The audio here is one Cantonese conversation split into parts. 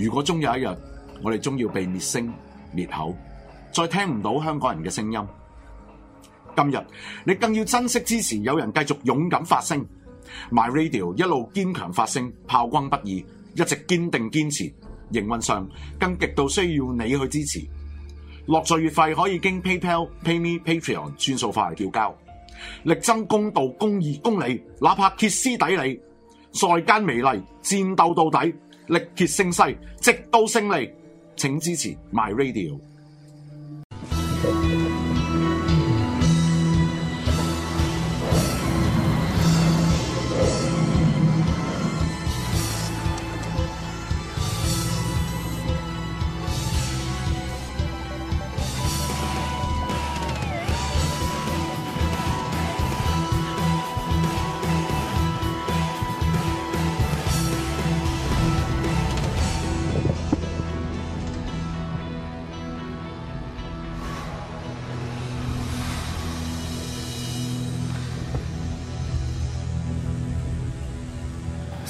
如果終有一日，我哋終要被滅聲滅口，再聽唔到香港人嘅聲音。今日你更要珍惜支持，有人繼續勇敢發聲，My Radio 一路堅強發聲，炮轟不已，一直堅定堅持。營運上更極度需要你去支持。落座月費可以經 PayPal、PayMe、Patreon 轉數快嚟繳交。力爭公道、公義、公理，哪怕歇斯底里，在間美利戰鬥到底。力竭聲嘶，直到勝利。請支持 My Radio。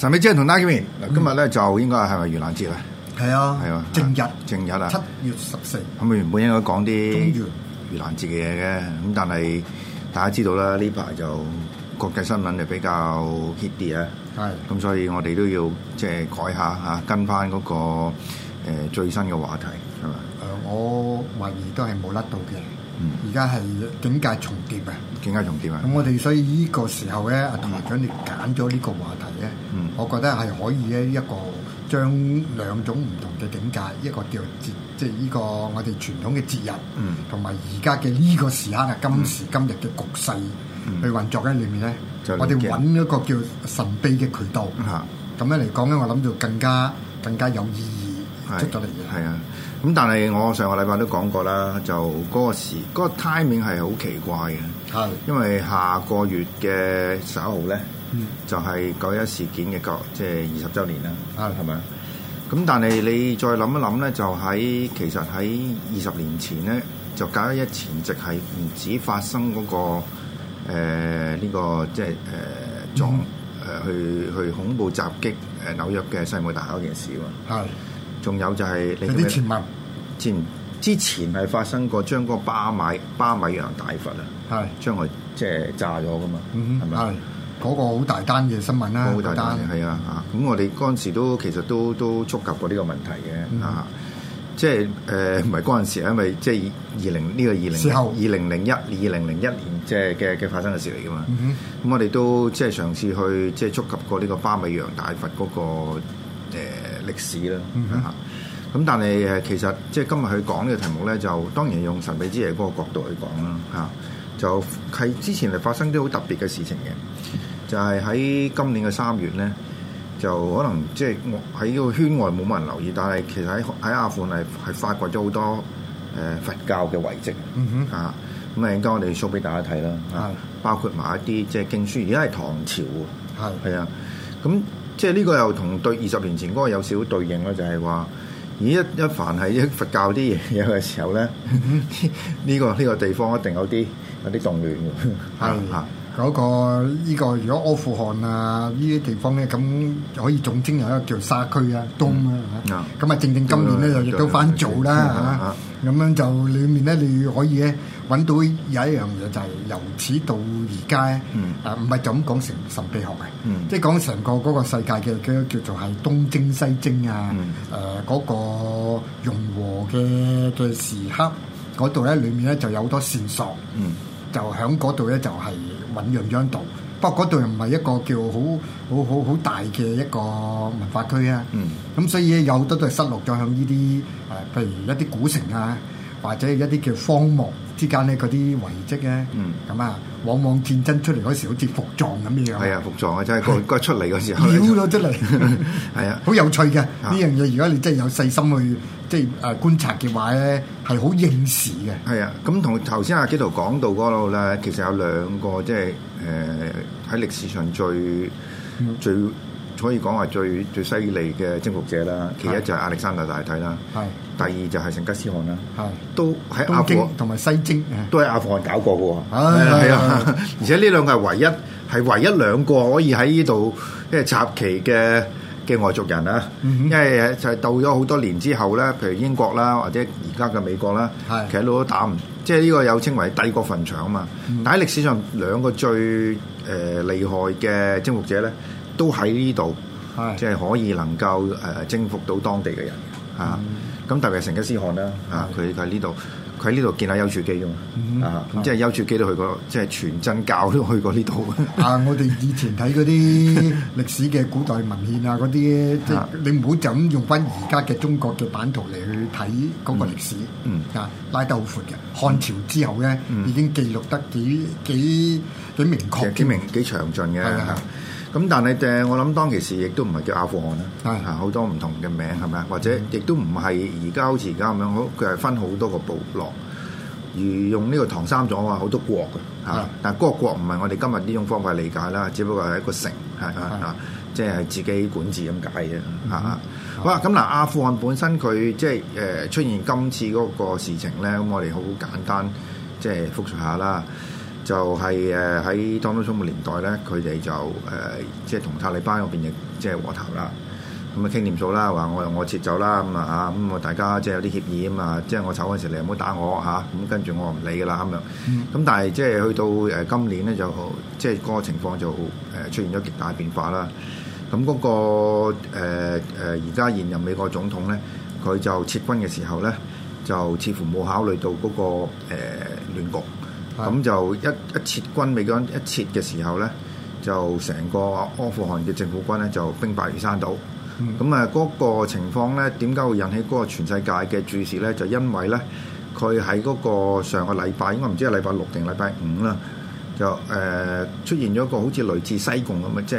神秘之夜同你見面，嗱、嗯、今日咧就應該係咪盂蘭節咧？係、嗯、啊，係啊，正日正日啊，七月十四。咁啊，原本應該講啲盂蘭節嘅嘢嘅，咁但係大家知道啦，呢排就國際新聞就比較 hit 啲啊，係是，咁所以我哋都要即係、就是、改下嚇、啊，跟翻嗰、那個、呃、最新嘅話題係嘛？誒、呃，我懷疑都係冇甩到嘅。而家係境界重疊啊！境界重疊啊！咁我哋所以呢個時候咧，阿台長你揀咗呢個話題咧，嗯、我覺得係可以咧一個將兩種唔同嘅境界，一個叫節，即係呢個我哋傳統嘅節日，同埋而家嘅呢個時刻啊，今時今日嘅局勢、嗯、去運作喺裏面咧，嗯、我哋揾一個叫神秘嘅渠道嚇，咁、嗯、樣嚟講咧，我諗到更加更加有意義出到嚟嘅，係啊！咁但係我上個禮拜都講過啦，就嗰個時 timing 係好奇怪嘅，係的因為下個月嘅十、嗯、一號咧，就係九一事件嘅個即係二十周年啦，啊係咪？咁但係你再諗一諗咧，就喺其實喺二十年前咧，就九一一前夕係唔止發生嗰、那個呢、呃這個即係誒撞誒、嗯、去去恐怖襲擊誒紐約嘅世貿大樓件事嘛，係。仲有就係啲新聞，之之前係發生過將嗰個巴米巴米羊大佛啊，係將佢即係炸咗噶嘛，係咪？嗰個好大單嘅新聞啦，好大單嘅係啊！咁我哋嗰陣時都其實都都觸及過呢個問題嘅、嗯、啊！即係誒唔係嗰陣時，因為即係二零呢個二零二零零一二零零一年即係嘅嘅發生嘅事嚟噶嘛，咁、嗯嗯、我哋都即係上次去即係觸及過呢個巴米羊大佛嗰、那個、呃歷史啦嚇，咁、嗯哼啊、但係誒其實即係今日佢講嘅題目咧，就當然用神秘之夜嗰個角度去講啦嚇、啊。就喺之前係發生啲好特別嘅事情嘅，就係、是、喺今年嘅三月咧，就可能即係喺呢個圈外冇乜人留意，但係其實喺喺阿富汗係發掘咗好多誒、呃、佛教嘅遺跡，嚇咁誒，陣間、啊、我哋 show 俾大家睇啦，啊嗯、哼包括埋一啲即係經書，而家係唐朝、嗯、哼啊，係啊，咁。即係呢個又同對二十年前嗰個有少少對應咯，就係、是、話，咦一一凡係佛教啲嘢嘅時候咧，呢、 這個呢、這個地方一定有啲有啲動亂㗎。係 的 嗰個呢個如果阿富汗啊，呢啲地方咧，咁可以總稱有一個叫沙區、嗯、啊，東啊，咁啊正正今年咧就亦都翻做啦嚇，咁樣、啊嗯、就裡面咧你可以咧揾到有一樣嘢，就係、是、由此到而家、嗯、啊唔係就咁講成神秘學嘅，嗯、即係講成個嗰個世界嘅叫叫做係東征西征啊，誒嗰、嗯呃那個融和嘅對時刻嗰度咧，裡，裡面咧就有好多線索，就喺嗰度咧就係、是。揾樣樣度，不過嗰度又唔係一個叫好好好好大嘅一個文化區啊，咁所以有好多都係失落咗向呢啲誒，譬如一啲古城啊。嗯 或者一啲叫荒漠之間咧嗰啲遺跡咧，咁、嗯、啊，往往戰爭出嚟嗰時好似服葬咁樣。係啊，服葬啊，真係佢出嚟嗰時。秒咗出嚟，係啊，好有趣嘅呢樣嘢。如果你真係有細心去即係誒、呃、觀察嘅話咧，係好應時嘅。係啊，咁同頭先阿紀陶講到嗰度咧，其實有兩個即係誒喺歷史上最、嗯、最。可以講話最最犀利嘅征服者啦，其一就係亞歷山大大帝啦，是第二就係成吉思汗啦，是都喺阿富汗同埋西征都喺阿富汗搞過嘅喎。啊，而且呢兩個係唯一係唯一兩個可以喺呢度即係插旗嘅嘅外族人啊，因為就係到咗好多年之後咧，譬如英國啦或者而家嘅美國啦，其實都打唔即係呢個有稱為帝國墳場啊嘛。但喺歷史上兩個最誒厲害嘅征服者咧。都喺呢度，即係可以能夠誒征服到當地嘅人啊！咁特別係成吉思汗啦，啊，佢喺呢度，佢喺呢度見下丘處機嘅嘛啊！咁即係丘處機都去過，即係全真教都去過呢度啊！我哋以前睇嗰啲歷史嘅古代文獻啊，嗰啲即係你唔好就咁用翻而家嘅中國嘅版圖嚟去睇嗰個歷史啊，拉得好闊嘅！漢朝之後咧，已經記錄得幾幾幾明確嘅，幾明幾詳盡嘅。咁但係誒，我諗當其時亦都唔係叫阿富汗啦，係好是的 多唔同嘅名係咪啊？或者亦都唔係而家好似而家咁樣，佢係分好多個部落。而用呢個唐三藏話好多國嘅嚇，是的 但嗰個國唔係我哋今日呢種方法理解啦，只不過係一個城係啊啊，即係自己管治咁解嘅嚇。是的 嗯、好啦，咁嗱，阿富汗本身佢即係誒、呃、出現今次嗰個事情咧，咁我哋好簡單即係複述下啦。就係誒喺 Donald Trump 年代咧，佢哋就誒、呃、即係同塔利班嗰邊亦即係和頭談啦，咁啊傾掂數啦，話我我撤走啦，咁啊嚇，咁啊大家即係有啲協議咁嘛，即係我走嗰陣時你唔好打我嚇，咁、啊、跟住我唔理㗎啦咁樣。咁但係即係去到誒今年咧就即係嗰個情況就誒出現咗極大變化啦。咁嗰、那個誒而家現任美國總統咧，佢就撤軍嘅時候咧，就似乎冇考慮到嗰、那個誒亂、呃、局。咁就一一撤軍，美軍一撤嘅時候咧，就成個阿富汗嘅政府軍咧就兵敗如山倒。咁啊、嗯，嗰個情況咧，點解會引起嗰個全世界嘅注視咧？就因為咧，佢喺嗰個上個禮拜，應該唔知禮拜六定禮拜五啦，就誒、呃、出現咗一個好似類似西貢咁嘅，即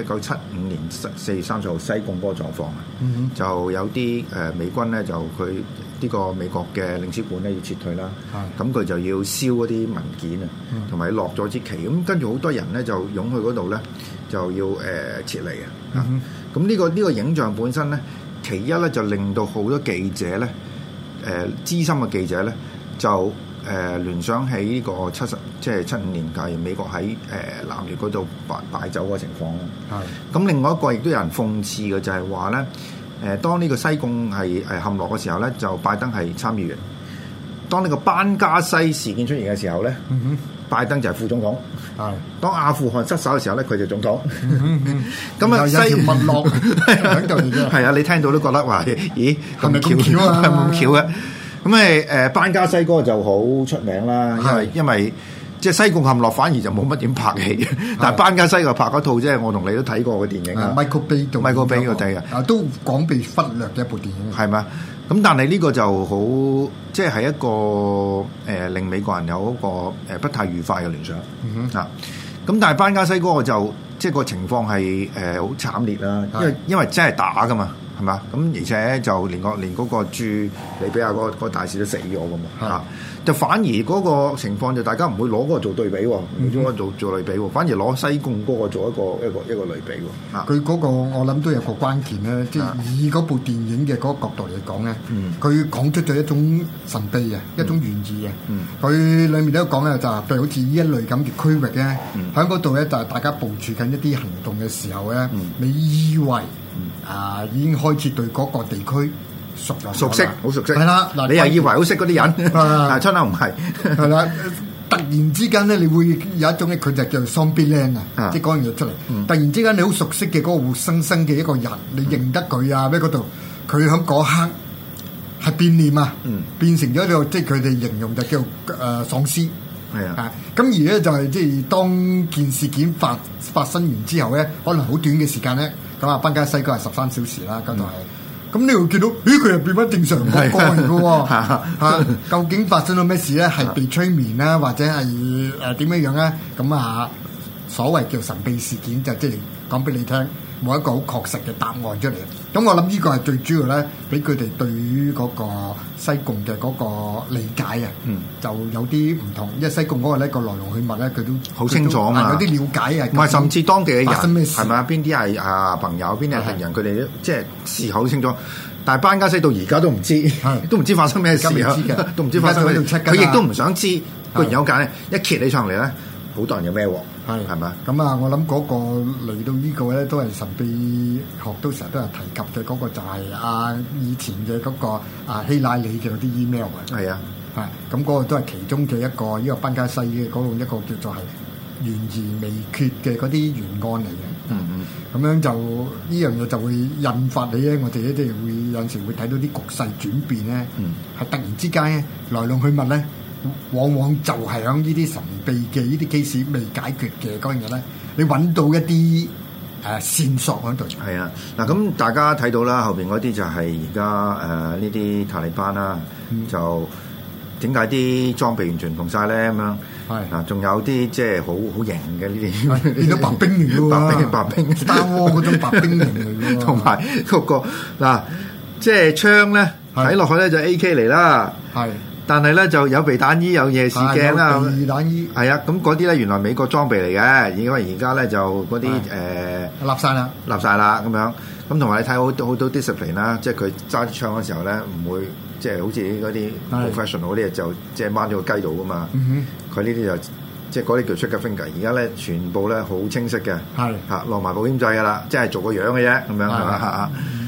係一九七五年四月三十號西貢嗰個狀況啊、嗯嗯。就有啲誒美軍咧就佢。呢個美國嘅領事館咧要撤退啦，咁佢的就要燒嗰啲文件啊，同埋落咗支旗。咁跟住好多人咧就湧去嗰度咧就要誒撤離、嗯、哼啊。咁、這、呢個呢、這個影像本身咧，其一咧就令到好多記者咧，誒、呃、資深嘅記者咧就誒、呃、聯想起呢個七十即係七五年代美國喺誒、呃、南越嗰度擺擺酒嘅情況。咁的另外一個亦都有人諷刺嘅就係話咧。誒，當呢個西貢係係陷落嘅時候咧，就拜登係參議員；當呢個班加西事件出現嘅時候咧，mm hmm. 拜登就係副總統；啊、mm，hmm. 當阿富汗失守嘅時候咧，佢就總統。咁 啊、mm，hmm. 西 文麥落，兩嚿係啊，你聽到都覺得話，咦咁巧啊，咁巧嘅。咁 誒、嗯，誒班加西哥就好出名啦，因為因為。嗎 即係西貢陷落反而就冇乜點拍戲，的但係班加西又拍嗰套即係我同你都睇過嘅電影啊、嗯。Michael Bay 度，Michael Bay 度睇嘅，都講被忽略嘅一部電影。係咪？咁但係呢個就好，即係係一個誒、呃、令美國人有一個誒不太愉快嘅聯想。吓、嗯哼，咁但係班加西哥就即係、就是、個情況係誒好慘烈啦，因為的因為真係打噶嘛，係嘛？咁而且就連，連個連嗰個駐利比亞個大使都死咗噶嘛。 就反而嗰個情況就大家唔會攞嗰個做對比喎，唔會攞做做類比喎，反而攞西貢嗰個做一個一個一個類比喎。佢嗰、啊、個我諗都有個關鍵咧，即係、啊、以嗰部電影嘅嗰個角度嚟講咧，佢講、嗯、出咗一種神秘嘅、嗯、一種寓意嘅。佢、嗯、裡面咧講嘅，就係譬如好似呢一類咁嘅區域咧，喺嗰度咧就係大家部署緊一啲行動嘅時候咧，你以為啊已經開始對嗰個地區。熟熟悉，好熟悉，係啦。嗱，你又以為好識嗰啲人，但係親口唔係，係啦。突然之間咧，你會有一種咧，佢就叫 zombie land 啊！即係講完嘢出嚟。突然之間，你好熟悉嘅嗰個活生生嘅一個人，你認得佢啊？咩嗰度？佢喺嗰刻係變臉啊！嗯，變成咗一個，即係佢哋形容就叫誒喪屍。係啊，咁而咧就係即係當件事件發發生完之後咧，可能好短嘅時間咧，咁啊，班加西嗰日十三小時啦，咁就係。咁你會見到，咦，佢又變翻正常嘅個喎嚇？究竟發生咗咩事咧？係被催眠咧，啊，或者係誒點樣樣，啊、咧？咁啊，所謂叫神秘事件，就即係講俾你聽，冇一個好確實嘅答案出嚟。咁我諗呢個係最主要咧，俾佢哋對於嗰個西貢嘅嗰個理解啊，就有啲唔同。因為西貢嗰個咧個來龍去脈咧，佢都好清楚啊嘛。有啲了解啊，唔係甚至當地嘅人發生咩事？係咪啊？邊啲係啊朋友？邊啲係人？佢哋即係事好清楚。但係班家西到而家都唔知，都唔知發生咩事啊！都唔知發生咩事。佢亦都唔想知。佢有間咧，一揭起上嚟咧，好多人有咩。係，係嘛？咁啊，我諗嗰個嚟到呢個咧，都係神秘學都成日都係提及嘅嗰個，就係啊，以前嘅嗰個啊，希拉里嘅啲 email 啊。係啊，係。咁嗰個都係其中嘅一個，呢個班加西嘅嗰度一個叫做係懸而未決嘅嗰啲原案嚟嘅。嗯嗯。咁樣就呢樣嘢就會引發你咧，我哋一定會有時會睇到啲局勢轉變咧。嗯。係突然之間咧，來龍去脈咧。往往就係喺呢啲神秘嘅呢啲 case，未解決嘅嗰樣嘢咧，你揾到一啲誒線索喺度。係啊，嗱，咁大家睇到啦，後邊嗰啲就係而家誒呢啲塔利班啦，就點解啲裝備完全唔同晒咧咁樣？係嗱，仲有啲即係好好型嘅呢啲，變咗白冰人白冰白冰 Star War 嗰種白冰人同埋嗰個嗱，即係槍咧睇落去咧就 A K 嚟啦，係。但係咧就有避彈衣，有夜視鏡啦，二、啊、彈衣。係啊，咁嗰啲咧原來美國裝備嚟嘅，因為而家咧就嗰啲誒立晒啦，立晒啦咁樣，咁同埋你睇好多好多 discipline 啦，即係佢揸槍嘅時候咧唔會即係好似嗰啲 professional 嗰啲就即係掹咗個雞度噶嘛，佢呢啲就即係嗰啲 trigger finger，而家咧全部咧好清晰嘅，係嚇落埋保險掣㗎啦，即係做個樣嘅啫咁樣㗎啦。是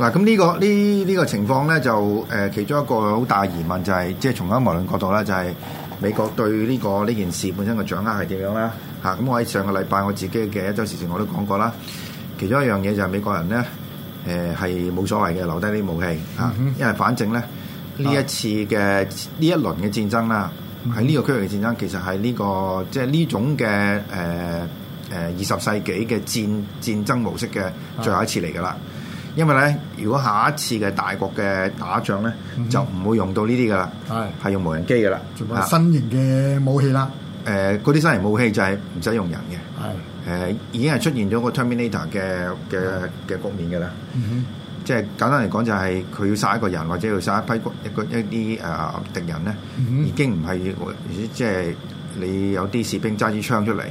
嗱，咁呢、這個呢呢、這個情況咧，就誒、呃、其中一個好大疑問、就是，就係即係從啱無論角度咧，就係美國對呢、這個呢件事本身嘅掌握係點樣啦？嚇、啊，咁、嗯、我喺上個禮拜我自己嘅一周時事我都講過啦。其中一樣嘢就係美國人咧，誒係冇所謂嘅，留低啲武器嚇、啊，因為反正咧呢一次嘅呢、啊、一輪嘅戰爭啦，喺呢個區域嘅戰爭，其實係呢、這個即係呢種嘅誒誒二十世紀嘅戰戰爭模式嘅最後一次嚟噶啦。啊啊啊因為咧，如果下一次嘅大國嘅打仗咧，嗯、哼就唔會用到呢啲噶啦，係的用無人機噶啦，仲有新型嘅武器啦。誒、啊，嗰、呃、啲新型武器就係唔使用人嘅。誒的、啊，已經係出現咗個 Terminator 嘅嘅嘅、嗯、哼局面噶啦。嗯、哼即係簡單嚟講，就係佢要殺一個人，或者要殺一批一個一啲誒、呃、敵人咧，已經唔係、呃、即係。你有啲士兵揸住槍出嚟，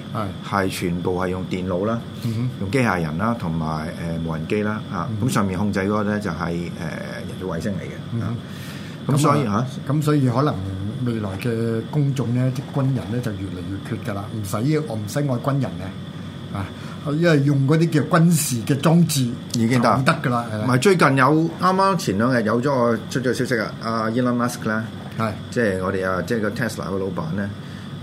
係全部係用電腦啦，用機械人啦，同埋誒無人機啦，嚇、啊、咁、啊、上面控制嗰個咧就係、是、誒、呃、人造衛星嚟嘅。咁、啊、所以嚇，咁、啊、所以可能未來嘅公眾咧，即軍人咧就越嚟越缺噶啦，唔使我唔使愛軍人嘅，啊，因為用嗰啲叫軍事嘅裝置已經得唔得噶啦，唔係、啊、最近有啱啱前兩日有咗個出咗消息啊，阿 Elon Musk 啦，係的即係我哋啊，即係個 Tesla 嘅老闆咧。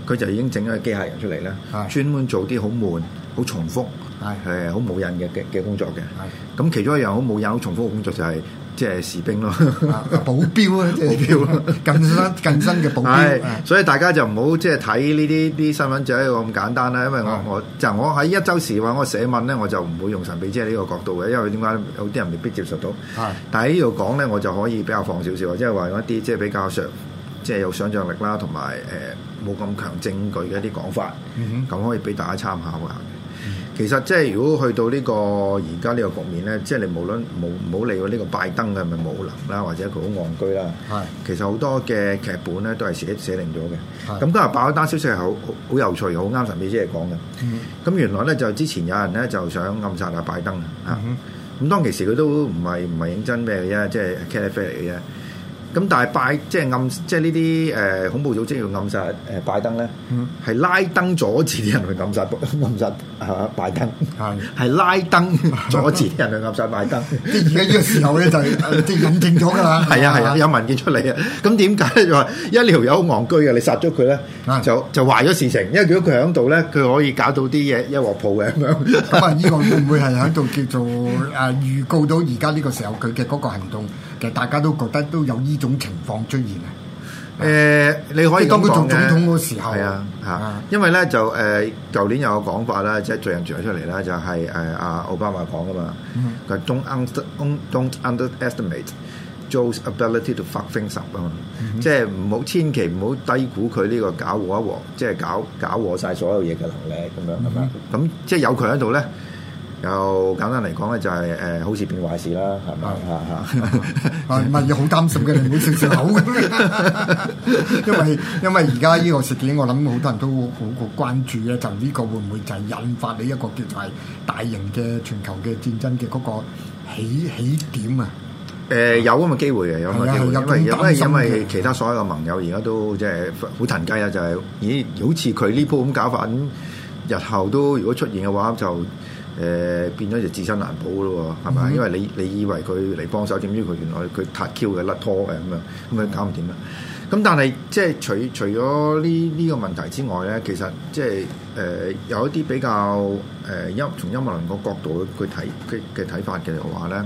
佢就已經整咗個機械人出嚟啦，專是門做啲好悶、好重複、誒好冇癮嘅嘅工作嘅。咁是其中一樣好冇癮、好重複嘅工作就係即係士兵咯，保鏢啊，保鏢、啊就是、標近身、 近身嘅保鏢。所以大家就唔好即係睇呢啲啲新聞，即係咁簡單啦。因為我是我就我喺一周時話我寫文咧，我就唔會用神秘即係呢個角度嘅，因為點解有啲人未必接受到。是但係喺呢度講咧，我就可以比較放少少，即係話一啲即係比較想即係有想象力啦，同埋誒。冇咁強證據嘅一啲講法，咁、嗯、哼可以俾大家參考下。嗯、其實即係如果去到呢個而家呢個局面咧，即、就、係、是、你無論冇冇理過呢個拜登嘅係咪冇能啦，或者佢好戇居啦，是其實好多嘅劇本咧都係寫寫，寫定咗嘅。咁今日爆一單消息係好好有趣，好啱神秘之夜嘢講嘅。咁、嗯、原來咧就之前有人咧就想暗殺阿拜登啊，咁、嗯嗯、當其時佢都唔係唔係認真咩嘅啫，即係 care free 嘅啫。咁但係拜即係暗即係呢啲誒恐怖組織要暗殺誒、呃、拜登咧，係拉登阻住啲人去暗殺、嗯、暗殺拜登，係拉登阻住啲人去暗殺拜登。而家呢個時候咧就即、是、係認定咗㗎啦。係啊係啊，啊啊啊有文件出嚟啊。咁點解咧就係， 因為呢條友好戇居嘅，你殺咗佢咧就就壞咗事情。因為如果佢喺度咧，佢可以搞到啲嘢一鑊鋪嘅咁樣、 嗯。咁、這個、啊，呢個會唔會係喺度叫做誒預告到而家呢個時候佢嘅嗰個行動？其大家都覺得都有呢種情況出現啊！誒、呃，你可以當佢做總統嗰時候，係啊，嚇、啊，啊、因為咧就誒，舊、呃、年有個講法啦，即係最近傳出嚟啦、就是，就係誒阿奧巴馬講噶嘛，佢係 don't under o n t underestimate Joe's ability to fuck things up 啊嘛，嗯、哼即係唔好千祈唔好低估佢呢個搞和一禍，即係搞搞禍曬所有嘢嘅能力咁樣咁嘛，咁嗎即係有佢喺度咧。又簡單嚟講咧，就係誒好事變壞事啦，係咪啊？嚇嚇！問好擔心嘅，你唔好食住口。因為因為而家呢個事件，我諗好多人都好好關注咧，就呢個會唔會就係引發你一個叫做係大型嘅全球嘅戰爭嘅嗰個起起點啊？誒、呃、有咁嘅機會嘅，有咁嘅機會，因為其他所有嘅盟友而家都即係好騰雞啊！就係、是、咦，好似佢呢鋪咁搞法，咁日後都如果出現嘅話就。誒、呃、變咗就自身難保咯喎，係咪、嗯、因為你你以為佢嚟幫手，點知佢原來佢太 Q 嘅甩拖嘅咁樣，咁佢搞唔掂啊！咁、嗯、但係即係除除咗呢呢個問題之外咧，其實即係誒、呃、有一啲比較誒音、呃、從音樂人個角度嘅睇佢嘅睇法嘅話咧，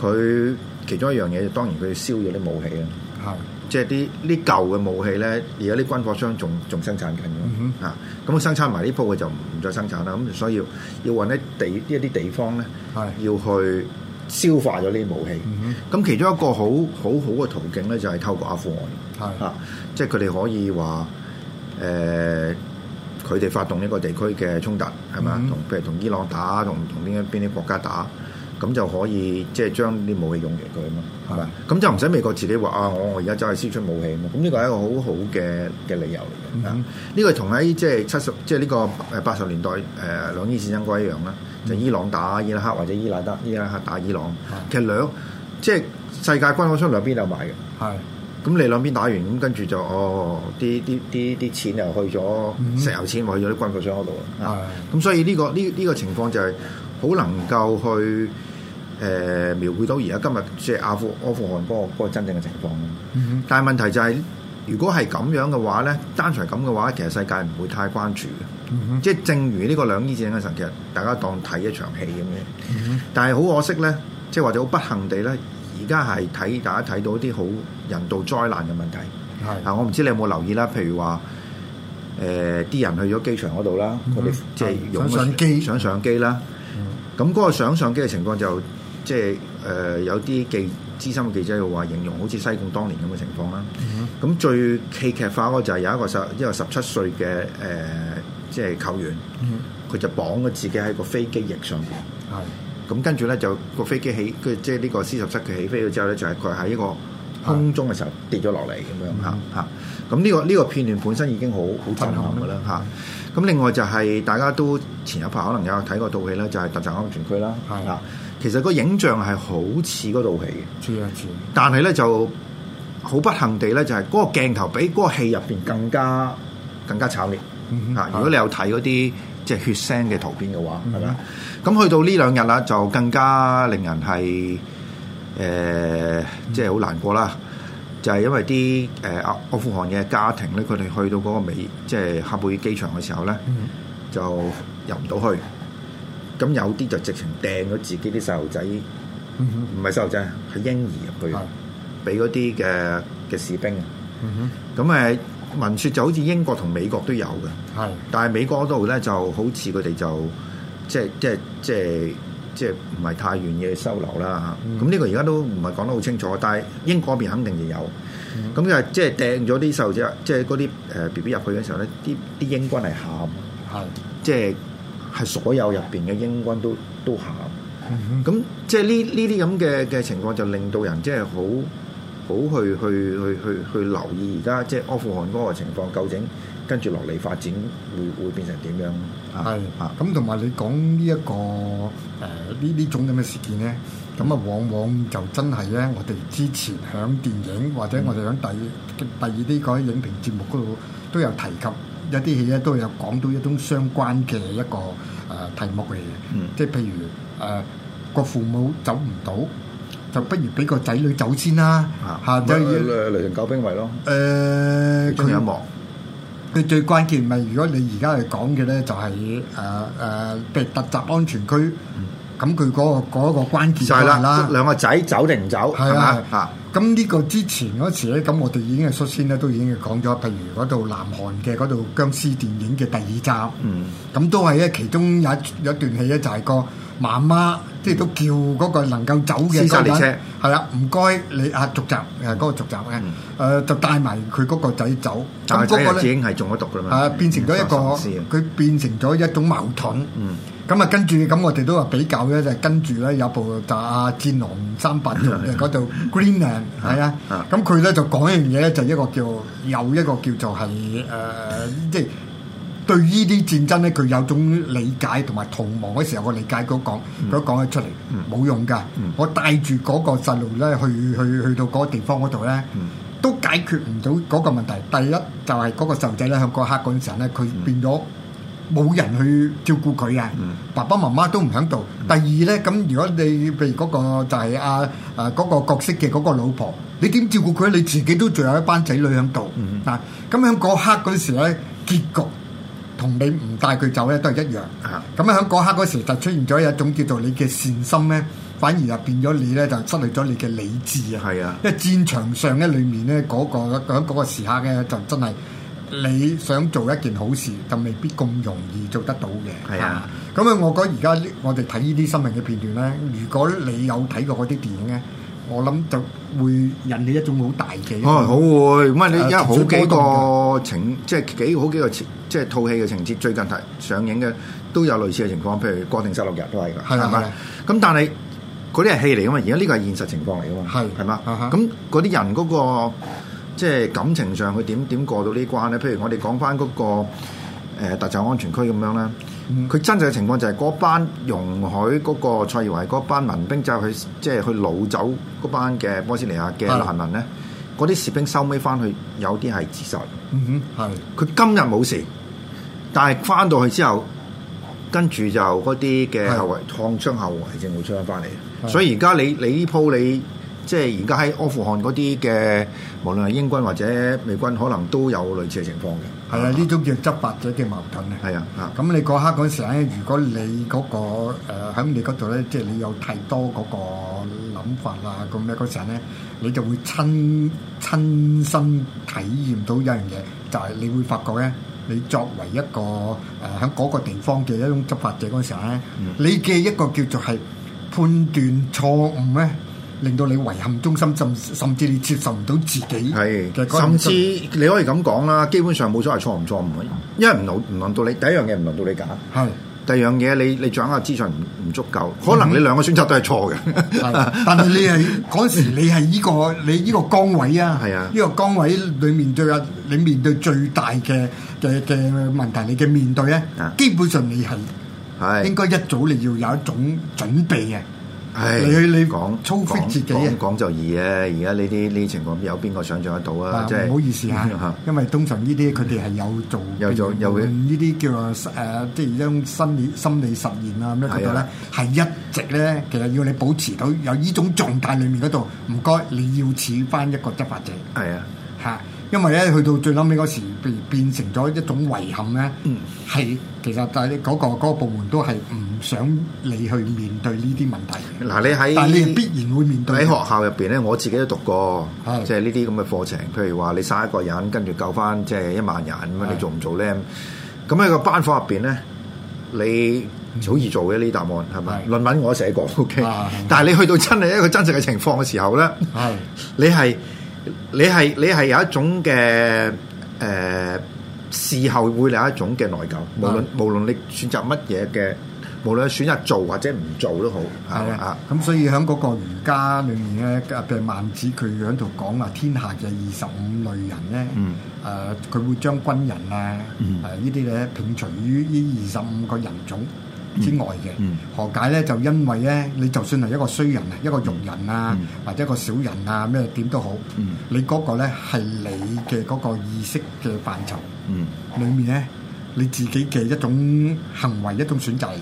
佢其中一樣嘢當然佢燒咗啲武器啦。係。即係啲啲舊嘅武器咧，而家啲軍火商仲仲生產緊㗎嘛，咁生產埋呢鋪佢就唔再生產啦。咁、啊、所以要要揾一地一啲地方咧，mm hmm. 要去消化咗呢啲武器。咁、mm hmm. 啊、其中一個好好好嘅途徑咧，就係、是、透過阿富汗嚇、mm hmm. 啊，即係佢哋可以話誒，佢、呃、哋發動呢個地區嘅衝突係嘛？同譬、mm hmm. 如同伊朗打，同同邊邊啲國家打。咁就可以即係、就是、將啲武器吧用完佢啊嘛，係嘛？咁就唔使美國自己話啊，我我而家走去輸出武器啊嘛。咁呢個係一個好好嘅嘅理由嚟嘅。呢、嗯、個同喺即係七十，即係呢個八十年代誒、呃、兩伊戰爭嗰一樣啦。嗯、就伊朗打伊拉克或者伊拉克依家打伊朗，吧其實兩即係、就是、世界軍火商兩邊都有賣嘅。係吧。咁你兩邊打完，咁跟住就哦，啲啲啲啲錢又去咗石油錢，去咗啲軍火商嗰度啊。咁吧所以呢個呢呢個情況就係好能夠去。誒、呃、描繪到而家今日即係阿，阿富汗嗰、嗰個嗰、嗰個真正嘅情況、mm hmm. 但係問題就係、係，如果係咁樣嘅話咧，單純咁嘅話，其實世界唔會太關注嘅。Mm hmm. 即係正如呢個兩伊戰爭嘅時候，大家當睇一場戲咁嘅。Mm hmm. 但係好可惜咧，即係或者好不幸地咧，而家係睇大家睇到一啲好人道災難嘅問題。係、mm hmm. 啊、我唔知你有冇留意啦，譬如話誒啲人去咗機場嗰度啦，佢哋、mm hmm. 即係用上機、想上、mm hmm. 機啦。咁嗰個想上機嘅情況就。即係誒、呃、有啲記資深嘅記者又話，形容好似西貢當年咁嘅情況啦。咁、嗯、最戲劇化嗰就係有一個十一、一個十七歲嘅誒、呃，即係球員，佢就綁咗自己喺個飛機翼上邊。係咁的，跟住咧就個飛機起，即係呢個 C 十七佢起飛咗之後咧，就係佢喺一個空中嘅時候跌咗落嚟咁樣嚇嚇。咁呢、嗯這個呢、這個片段本身已經好好、嗯、震撼啦嚇。咁另外就係大家都前一排可能有睇過套戲啦，就係、是《特警安全區》啦。係啊。其實個影像係好似嗰套戲嘅，似啊、似啊、但係咧就好不幸地咧，就係、是、嗰個鏡頭比嗰個戲入邊更加更加慘烈嚇。嗯哼啊、如果你有睇嗰啲即係血腥嘅圖片嘅話，係咪、嗯哼？咁吧去到兩呢兩日啦，就更加令人係誒即係好難過啦。就係、是、因為啲誒、呃、阿富汗嘅家庭咧，佢哋去到嗰個美即係、就是、哈貝機場嘅時候咧，嗯、哼就入唔到去。咁有啲就直情掟咗自己啲細路仔，唔係細路仔，係嬰兒入去，俾嗰啲嘅嘅士兵。咁誒，聞説就好似英國同美國都有嘅，係。但係美國嗰度咧，就好似佢哋就即係即係即係即係唔係太願意收留啦嚇。咁呢個而家都唔係講得好清楚，但係英國邊肯定就有。咁就即係掟咗啲細路仔，即係嗰啲誒 BB 入去嘅時候咧，啲啲英軍係喊，即係。係所有入邊嘅英軍都都喊，咁、嗯、即係呢呢啲咁嘅嘅情況就令到人即係好好去去去去去留意而家即係阿富汗嗰個情況究竟跟住落嚟發展會會變成點樣？係啊，咁同埋你講呢一個誒呢呢種咁嘅事件咧，咁、嗯、啊往往就真係咧，我哋之前喺電影或者我哋喺第二第二啲講影評節目嗰度都有提及。有啲戲咧都有講到一種相關嘅一個誒題目嚟嘅，嗯、即係譬如誒個、呃、父母走唔到，就不如俾個仔女走先啦嚇。嚇即係雷霆救兵咪咯。誒佢有望。佢、呃呃、最關鍵咪如果你而家係講嘅咧，就係誒誒特別突襲安全區，咁佢嗰個嗰一、嗯、關鍵就係、是、啦，兩個仔走定唔走係咪啊？咁呢個之前嗰時咧，咁我哋已經係率先咧，都已經係講咗，譬如嗰度南韓嘅嗰度僵屍電影嘅第二集，咁、嗯、都係咧其中有一有一段戲咧，就係個媽媽即係都叫嗰個能夠走嘅嗰個人，係啦，唔該、啊、你啊續集誒嗰、嗰個續集嘅誒、嗯呃、就帶埋佢嗰個仔走，但係佢嗰個咧已經係中咗毒啦嘛，啊變成咗一個佢變成咗一種矛盾。嗯嗯嗯嗯嗯嗯咁啊，跟住咁我哋都話比較咧，嗯嗯、就係跟住咧有部打戰狼三八組嘅嗰度 Greenland，係啊，咁佢咧就講一樣嘢咧，就一個叫有一個叫做係誒，即、呃、係、就是、對呢啲戰爭咧，佢有種理解同埋逃亡嗰時候嘅理解，佢講佢講咗出嚟，冇、嗯、用噶。嗯、我帶住嗰個細路咧，去去去到嗰個地方嗰度咧，都解決唔到嗰個問題。第一就係、是、嗰個細仔咧，響嗰刻嗰陣時咧，佢變咗。冇人去照顧佢啊！嗯、爸爸媽媽都唔喺度。嗯、第二呢，咁如果你譬如嗰個就係啊啊嗰、嗰個角色嘅嗰個老婆，你點照顧佢？你自己都仲有一班仔女喺度、嗯、哼啊！咁喺嗰刻嗰時咧，結局同你唔帶佢走呢都係一樣。咁啊喺嗰刻嗰時就出現咗一種叫做你嘅善心呢，反而就變咗你呢，就失去咗你嘅理智啊！係啊的，因為戰場上咧裡面呢，嗰、嗰個喺嗰個時刻呢，就真係。你想做一件好事，就未必咁容易做得到嘅。係啊，咁啊、嗯嗯，我覺得而家我哋睇呢啲新聞嘅片段咧，如果你有睇過嗰啲電影咧，我諗就會引起一種好大嘅、啊。好會，唔係你而家好、嗯、好幾個情，即係幾好幾個情即係套戲嘅情節，最近提上映嘅都有類似嘅情況，譬如《國定失落日》都係㗎，係咪啊？咁但係嗰啲係戲嚟㗎嘛，而家呢個係現實現情況嚟㗎嘛，係係嘛？咁嗰啲人嗰、嗰個。即係感情上佢點點過到呢關咧？譬如我哋講翻嗰個、呃、特就安全區咁樣啦，佢、mm hmm. 真實嘅情況就係、是、嗰班容許嗰個蔡耀懷嗰班民兵就去即係去攞走嗰班嘅波斯尼亞嘅難民咧，嗰啲士兵收尾翻去有啲係自殺。哼、mm，係、hmm. 佢今日冇事，但係翻到去之後，跟住就嗰啲嘅後遺創傷後遺症會出翻翻嚟。所以而家你你呢鋪你。即係而家喺阿富汗嗰啲嘅，無論係英軍或者美軍，可能都有類似嘅情況嘅。係啊，呢、啊、種叫執法者嘅矛盾咧。係啊，咁、啊、你嗰刻嗰陣時咧，如果你嗰、那個誒喺、呃、你嗰度咧，即、就、係、是、你有太多嗰個諗法啊，咁咩嗰陣咧，你就會親親身體驗到一樣嘢，就係、是、你會發覺咧，你作為一個誒喺嗰個地方嘅一種執法者嗰陣時咧，嗯、你嘅一個叫做係判斷錯誤咧。令到你遺憾終生，甚甚至你接受唔到自己。係，甚至你可以咁講啦，基本上冇所謂錯唔錯，唔可以，因為唔輪唔輪到你，第一樣嘢唔輪到你揀。係是，第二樣嘢你你掌握資訊唔唔足夠，可能你兩個選擇都係錯嘅、嗯 但係你係嗰 時你係呢、這個你依個崗位啊，呢、啊、個崗位裏面對啊，你面對最大嘅嘅嘅問題，你嘅面對咧，基本上你係是應該一早你要有一種準備嘅。係你你講粗忽自己啊，講就易嘅。而家呢啲呢啲情況有邊個想象得到啊？真係唔好意思嚇，啊， 因為通常呢啲佢哋係有做有做有呢啲，嗯、叫啊、呃、即係一種心理心理實驗啊，咩叫做咧？係、啊、一直咧，其實要你保持到有呢種狀態裏面嗰度，唔該，你要似翻一個執法者係啊嚇。啊因為咧，去到最撚尾嗰時變變成咗一種遺憾咧，係其實但係嗰個嗰個部門都係唔想你去面對呢啲問題。嗱，你喺必然會面對喺學校入邊咧，我自己都讀過，即係呢啲咁嘅課程。譬如話你殺一個人，跟住救翻即係一萬人咁樣，你做唔做咧？咁喺個班課入邊咧，你好易做嘅呢啲答案係咪？論文我都寫過，O K。但係你去到真係一個真實嘅情況嘅時候咧，你係。你係你係有一種嘅誒、呃，事後會另一種嘅內疚，嗯、無論無論你選擇乜嘢嘅，無論選擇做或者唔做都好。係、嗯、啊，咁、啊啊嗯、所以喺嗰個儒家裏面咧，譬如孟子佢喺度講話天下嘅二十五類人咧，誒、呃，佢會將軍人啊，誒、嗯啊、呢啲咧並存於呢二十五個人種。之外嘅，何解咧？就因為咧，你就算係一個衰人啊，一個庸人啊，或者一個小人啊，咩點都好，你嗰個咧係你嘅嗰個意識嘅範疇裏面咧，你自己嘅一種行為一種選擇嚟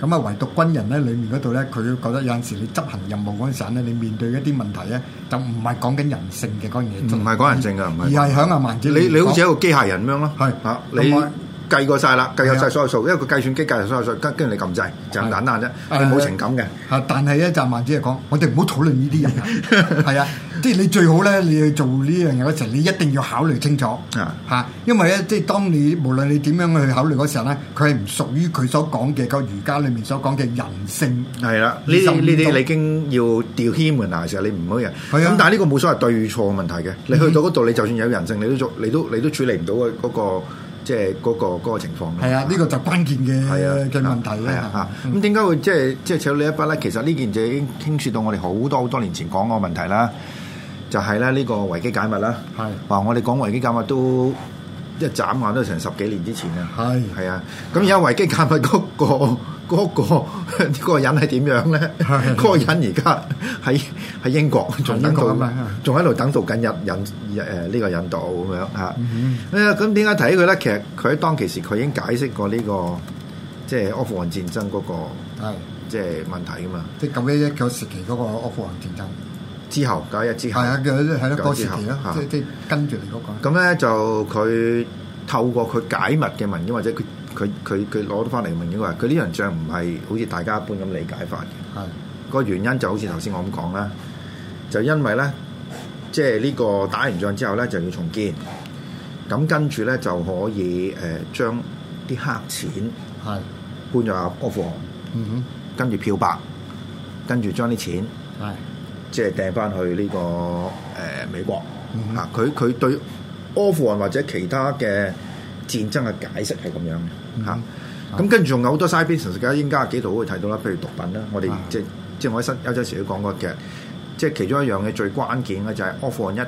嘅。咁啊，唯獨軍人咧，裡面嗰度咧，佢覺得有陣時你執行任務嗰陣咧，你面對一啲問題咧，就唔係講緊人性嘅嗰樣嘢，唔係講人性嘅。唔係而係講啊，邏輯。你你好似一個機械人咁樣咯，係嚇你。計過晒啦，計有晒所有數，因為佢計算機計有所有數，跟住你撳掣就咁簡單啫。你冇情感嘅。嚇！但係咧，就孟姐講，我哋唔好討論呢啲嘢。係啊，即係你最好咧，你去做呢樣嘢嘅時候，你一定要考慮清楚嚇。因為咧，即係當你無論你點樣去考慮嗰時候咧，佢係唔屬於佢所講嘅個儒家裡面所講嘅人性。係啦，呢啲呢啲你已經要掉閪門牙嘅時候，你唔好嘅。係咁但係呢個冇所謂對與錯嘅問題嘅，你去到嗰度，你就算有人性，你都做，你都你都處理唔到嘅嗰個。即係嗰個情況咯。係啊，呢個就關鍵嘅嘅問題咧嚇。咁點解會即係即係扯到呢一筆咧？其實呢件就已經傾説到我哋好多多年前講個問題啦。就係咧呢個維基解密啦。係話我哋講維基解密都一眨眼都成十幾年之前啦。係係啊，咁而家維基解密嗰個。嗰、那個呢、那個人係點樣咧？嗰小、那個人而家喺喺英國，仲 等仲喺度等到緊引引誒、呃這個、小呢個引渡咁樣嚇。咁點解睇佢咧？其實佢當其時佢已經解釋過呢、這個即係阿富汗戰爭嗰個，即係問題噶嘛。即係咁尾一九時期嗰個阿富汗戰爭，就是、戰爭之後，解一之後係啊，係咯，嗰時期咯，即是即跟住嚟嗰個。咁咧就佢透過佢解密嘅文件或者佢。佢佢佢攞到翻嚟，明顯話佢呢場仗唔係好似大家一般咁理解法嘅。係個的原因就好似頭先我咁講啦，就因為咧，即係呢個打完仗之後咧就要重建，咁跟住咧就可以誒、呃、將啲黑錢係搬入阿富汗。嗯哼的，跟住漂白，跟住將啲錢係的即係掟翻去呢、這個誒、呃、美國。嗱的，佢佢、嗯、的對阿富汗或者其他嘅戰爭嘅解釋係咁樣嘅。嚇！咁跟住仲有好多 side business，而家幾度都會睇到啦，譬如毒品啦，我哋即即我喺新歐洲時都講過嘅，即其中一樣嘅最關鍵嘅就係阿富汗一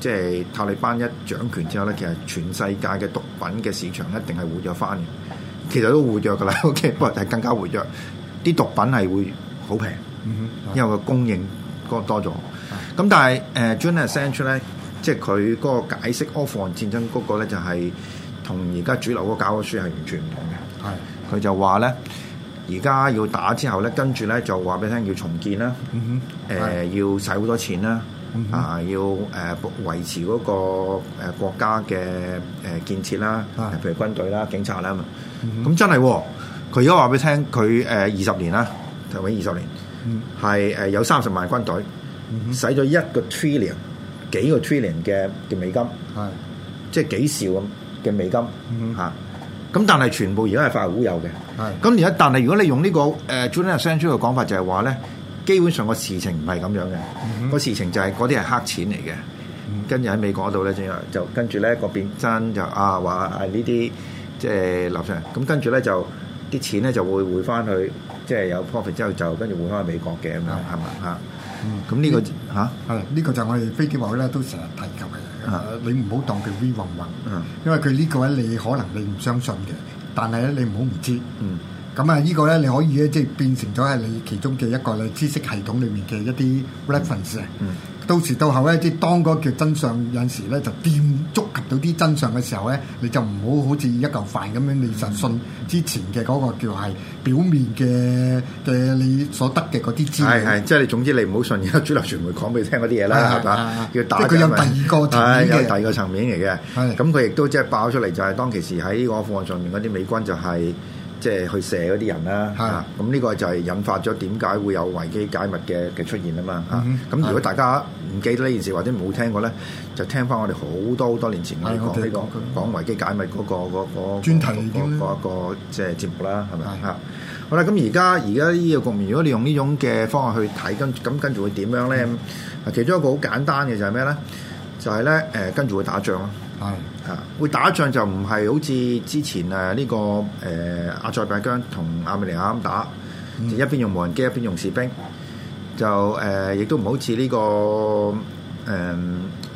即係塔利班一掌權之後咧，其實全世界嘅毒品嘅市場一定係活躍翻嘅，其實都活躍嘅啦，OK，不過係更加活躍，啲毒品係會好平，嗯、哼因為個供應多多咗。咁但係誒，Johnny 講出咧，即係佢嗰個解釋阿富汗戰爭嗰個咧就係、是。同而家主流嗰個教科書係完全唔同嘅，係佢的就話咧，而家要打之後咧，跟住咧就話俾你聽要重建啦，誒、嗯呃、要使好多錢啦，啊要誒維持嗰個誒國家嘅誒建設啦，的譬如軍隊啦、警察啦咁、嗯、哼真係佢而家話俾你聽佢誒二十年啦，頭先二十年係誒、嗯、有三十萬軍隊，使咗、嗯、哼一個 trillion 幾個 trillion 嘅嘅美金，係即係幾兆咁。的嘅美金嚇，咁但係全部而家係化為烏有嘅。係，咁而家但係如果你用、這個呃、呢個誒 Jonathan Shang 嘅講法，就係話咧，基本上個事情唔係咁樣嘅。個、嗯嗯、事情就係嗰啲係黑錢嚟嘅、啊就是啊，跟住喺美國度咧，就就跟住咧個變真就啊話係呢啲即係立場。咁跟住咧就啲錢咧就會匯翻去，即、就、係、是、有 profit 之後就跟住匯翻去美國嘅咁樣係嘛嚇。咁呢個嚇係呢個就我哋飛機話咧都成日提及嘅。Uh, 啊！你唔好當佢 V 混混，因為佢呢個咧，你可能你唔相信嘅。但係咧，你唔好唔知。咁啊，呢個咧，你可以咧，即係變成咗係你其中嘅一個你知識系統裡面嘅一啲 reference、嗯。嗯。到時到後咧，即係當嗰叫真相有時咧，就掂觸及到啲真相嘅時候咧，你就唔好好似一嚿飯咁樣，你就信之前嘅嗰個叫係表面嘅嘅你所得嘅嗰啲資料。係係即係你總之你唔好信而家主流傳媒講俾你聽嗰啲嘢啦，係咪啊？要打佢有第二個層面，第二個層面嚟嘅。咁的，佢亦都即係爆出嚟，就係當其時喺個阿富汗上面嗰啲美軍就係、係。即係去射嗰啲人啦，咁呢、啊，這個就係引發咗點解會有維基解密嘅嘅出現啊嘛，咁、嗯嗯啊、如果大家唔記得呢件事或者冇聽過咧，就聽翻我哋好多好多年前我哋講維基解密嗰、嗰個嗰、嗰個專題嗰個即係節目啦，係咪啊？好啦，咁而家而家呢個局面，如果你用呢種嘅方法去睇，跟咁跟住會點樣咧？啊、嗯，其中一個好簡單嘅就係咩咧？就係咧誒，跟住會打仗啦。係，啊、嗯，會打仗就唔係好似之前誒、這、呢個誒、呃、阿塞拜疆同阿美尼亞咁打，嗯、就一邊用無人機，一邊用士兵，就誒、呃、亦都唔好似呢個誒、呃、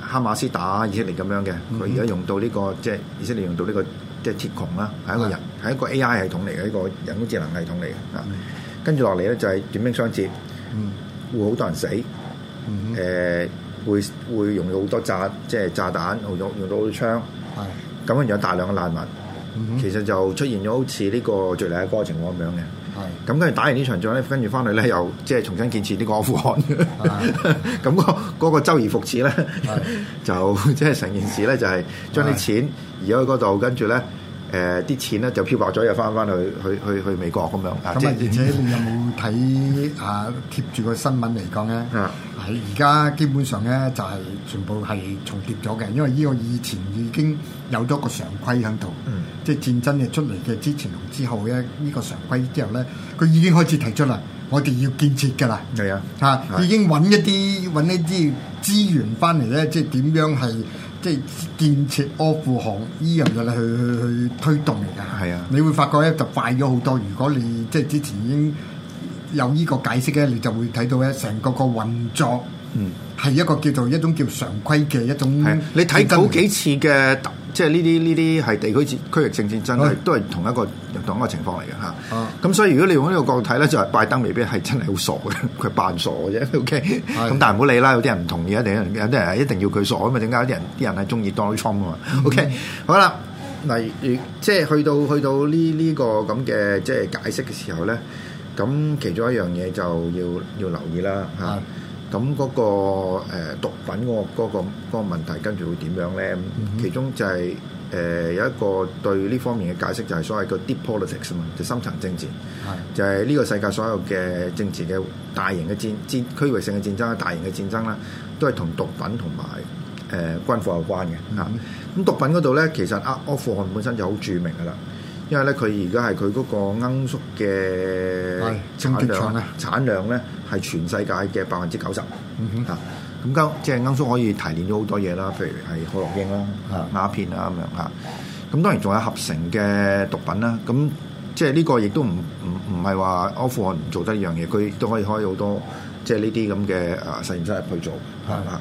哈馬斯打以色列咁樣嘅，佢而家用到呢、這個即係、就是、以色列用到呢、這個即係、就是、鐵穹啦，係一個人，係、嗯、一個 A I 系統嚟嘅，一個人工智能系統嚟嘅，啊，嗯、跟住落嚟咧就係短兵相接，嗯，會好多人死，誒、嗯。嗯會會用到好多炸，即係炸彈，用用到好多槍，咁跟住有大量嘅難民，嗯、哼其實就出現咗好似呢個最厲嘅嗰個情況咁樣嘅。咁跟住打完呢場仗咧，跟住翻嚟咧又即係重新建設呢個阿富汗，咁個嗰、嗰個那個周而復始咧，就即係成件事咧就係將啲錢移咗去嗰度，跟住咧。誒啲錢咧就漂白咗又翻翻去去去去美國咁樣。咁啊、嗯，而且你有冇睇啊貼住個新聞嚟講咧？嗯，喺而家基本上咧就係、是、全部係重疊咗嘅，因為呢個以前已經有咗個常規喺度。嗯、即係戰爭嘅出嚟嘅之前同之後嘅呢、呢個常規之後咧，佢已經開始提出啦，我哋要建設㗎啦。係、嗯、啊，嚇已經揾一啲揾一啲資源翻嚟咧，即係點樣係？即係建設阿富汗，呢樣嘢你去去去推動嚟㗎。係啊，你會發覺咧就快咗好多。如果你即係之前已經有呢個解釋咧，你就會睇到咧成個個運作係一個叫做一種叫常規嘅一種、啊。你睇好幾次嘅。即係呢啲呢啲係地區戰、區域性戰爭都係同一個同一個情況嚟嘅嚇。咁、啊、所以如果你用個體呢個角度睇咧，就係、是、拜登未必係真係好傻嘅，佢扮傻嘅啫。O K，咁但係唔好理啦，有啲人唔同意，一定有啲人係一定要佢傻咁啊！點解有啲人啲人係中意 Donald Trump 啊？O K，好啦，嗱，即係去到去到呢呢個咁嘅即係解釋嘅時候咧，咁其中一樣嘢就要要留意啦嚇。嗯咁嗰個誒毒品嗰個嗰個嗰個問題，跟住會點樣咧？其中就係誒有一個對呢方面嘅解釋，就係所謂嘅 deep politics 啊，就深層政治。的就係呢個世界所有嘅政治嘅大型嘅戰戰區域性嘅戰爭啦、大型嘅戰爭啦，都係同毒品同埋誒軍火有關嘅。咁毒品嗰度咧，其實阿阿富汗本身就好著名噶啦，因為咧佢而家係佢嗰個罌粟嘅產量產量咧。係全世界嘅百分之九十啊！咁啱即係啱先可以提煉咗好多嘢啦，譬如係海洛因啦、嗯、鴉片啊咁樣啊。咁當然仲有合成嘅毒品啦。咁、啊、即係呢個亦都唔唔唔係話阿富汗唔做得一樣嘢，佢都可以開好多即係呢啲咁嘅啊實驗室入去做、嗯、啊。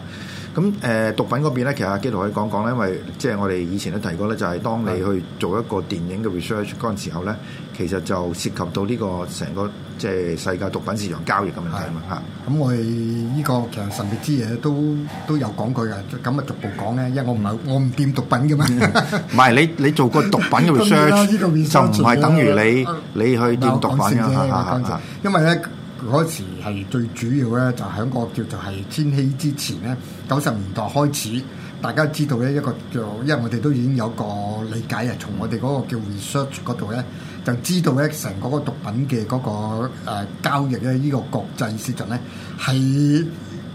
咁誒、呃、毒品嗰邊咧，其實阿紀陶可以講講咧，因為即係我哋以前都提過咧，就係、是、當你去做一個電影嘅 research 嗰陣時候咧，其實就涉及到呢個成個。即係世界毒品市場交易嘅問題啊嘛嚇，咁我哋呢個其實神秘之嘢都都有講佢嘅，咁咪逐步講咧。因為我唔係、嗯、我唔掂毒品嘅嘛，唔係、嗯、 你你做過毒品嘅 research、這個、rese 就唔係等於你、啊、你去掂毒品嘅的因為咧嗰時係最主要咧，就喺、是、個叫做係千禧之前咧，九十年代開始，大家知道咧一個叫，因為我哋都已經有個理解啊，從我哋嗰個叫 research 嗰度咧。就知道咧成嗰個毒品嘅嗰、嗰個、呃、交易咧，呢個國際市場咧係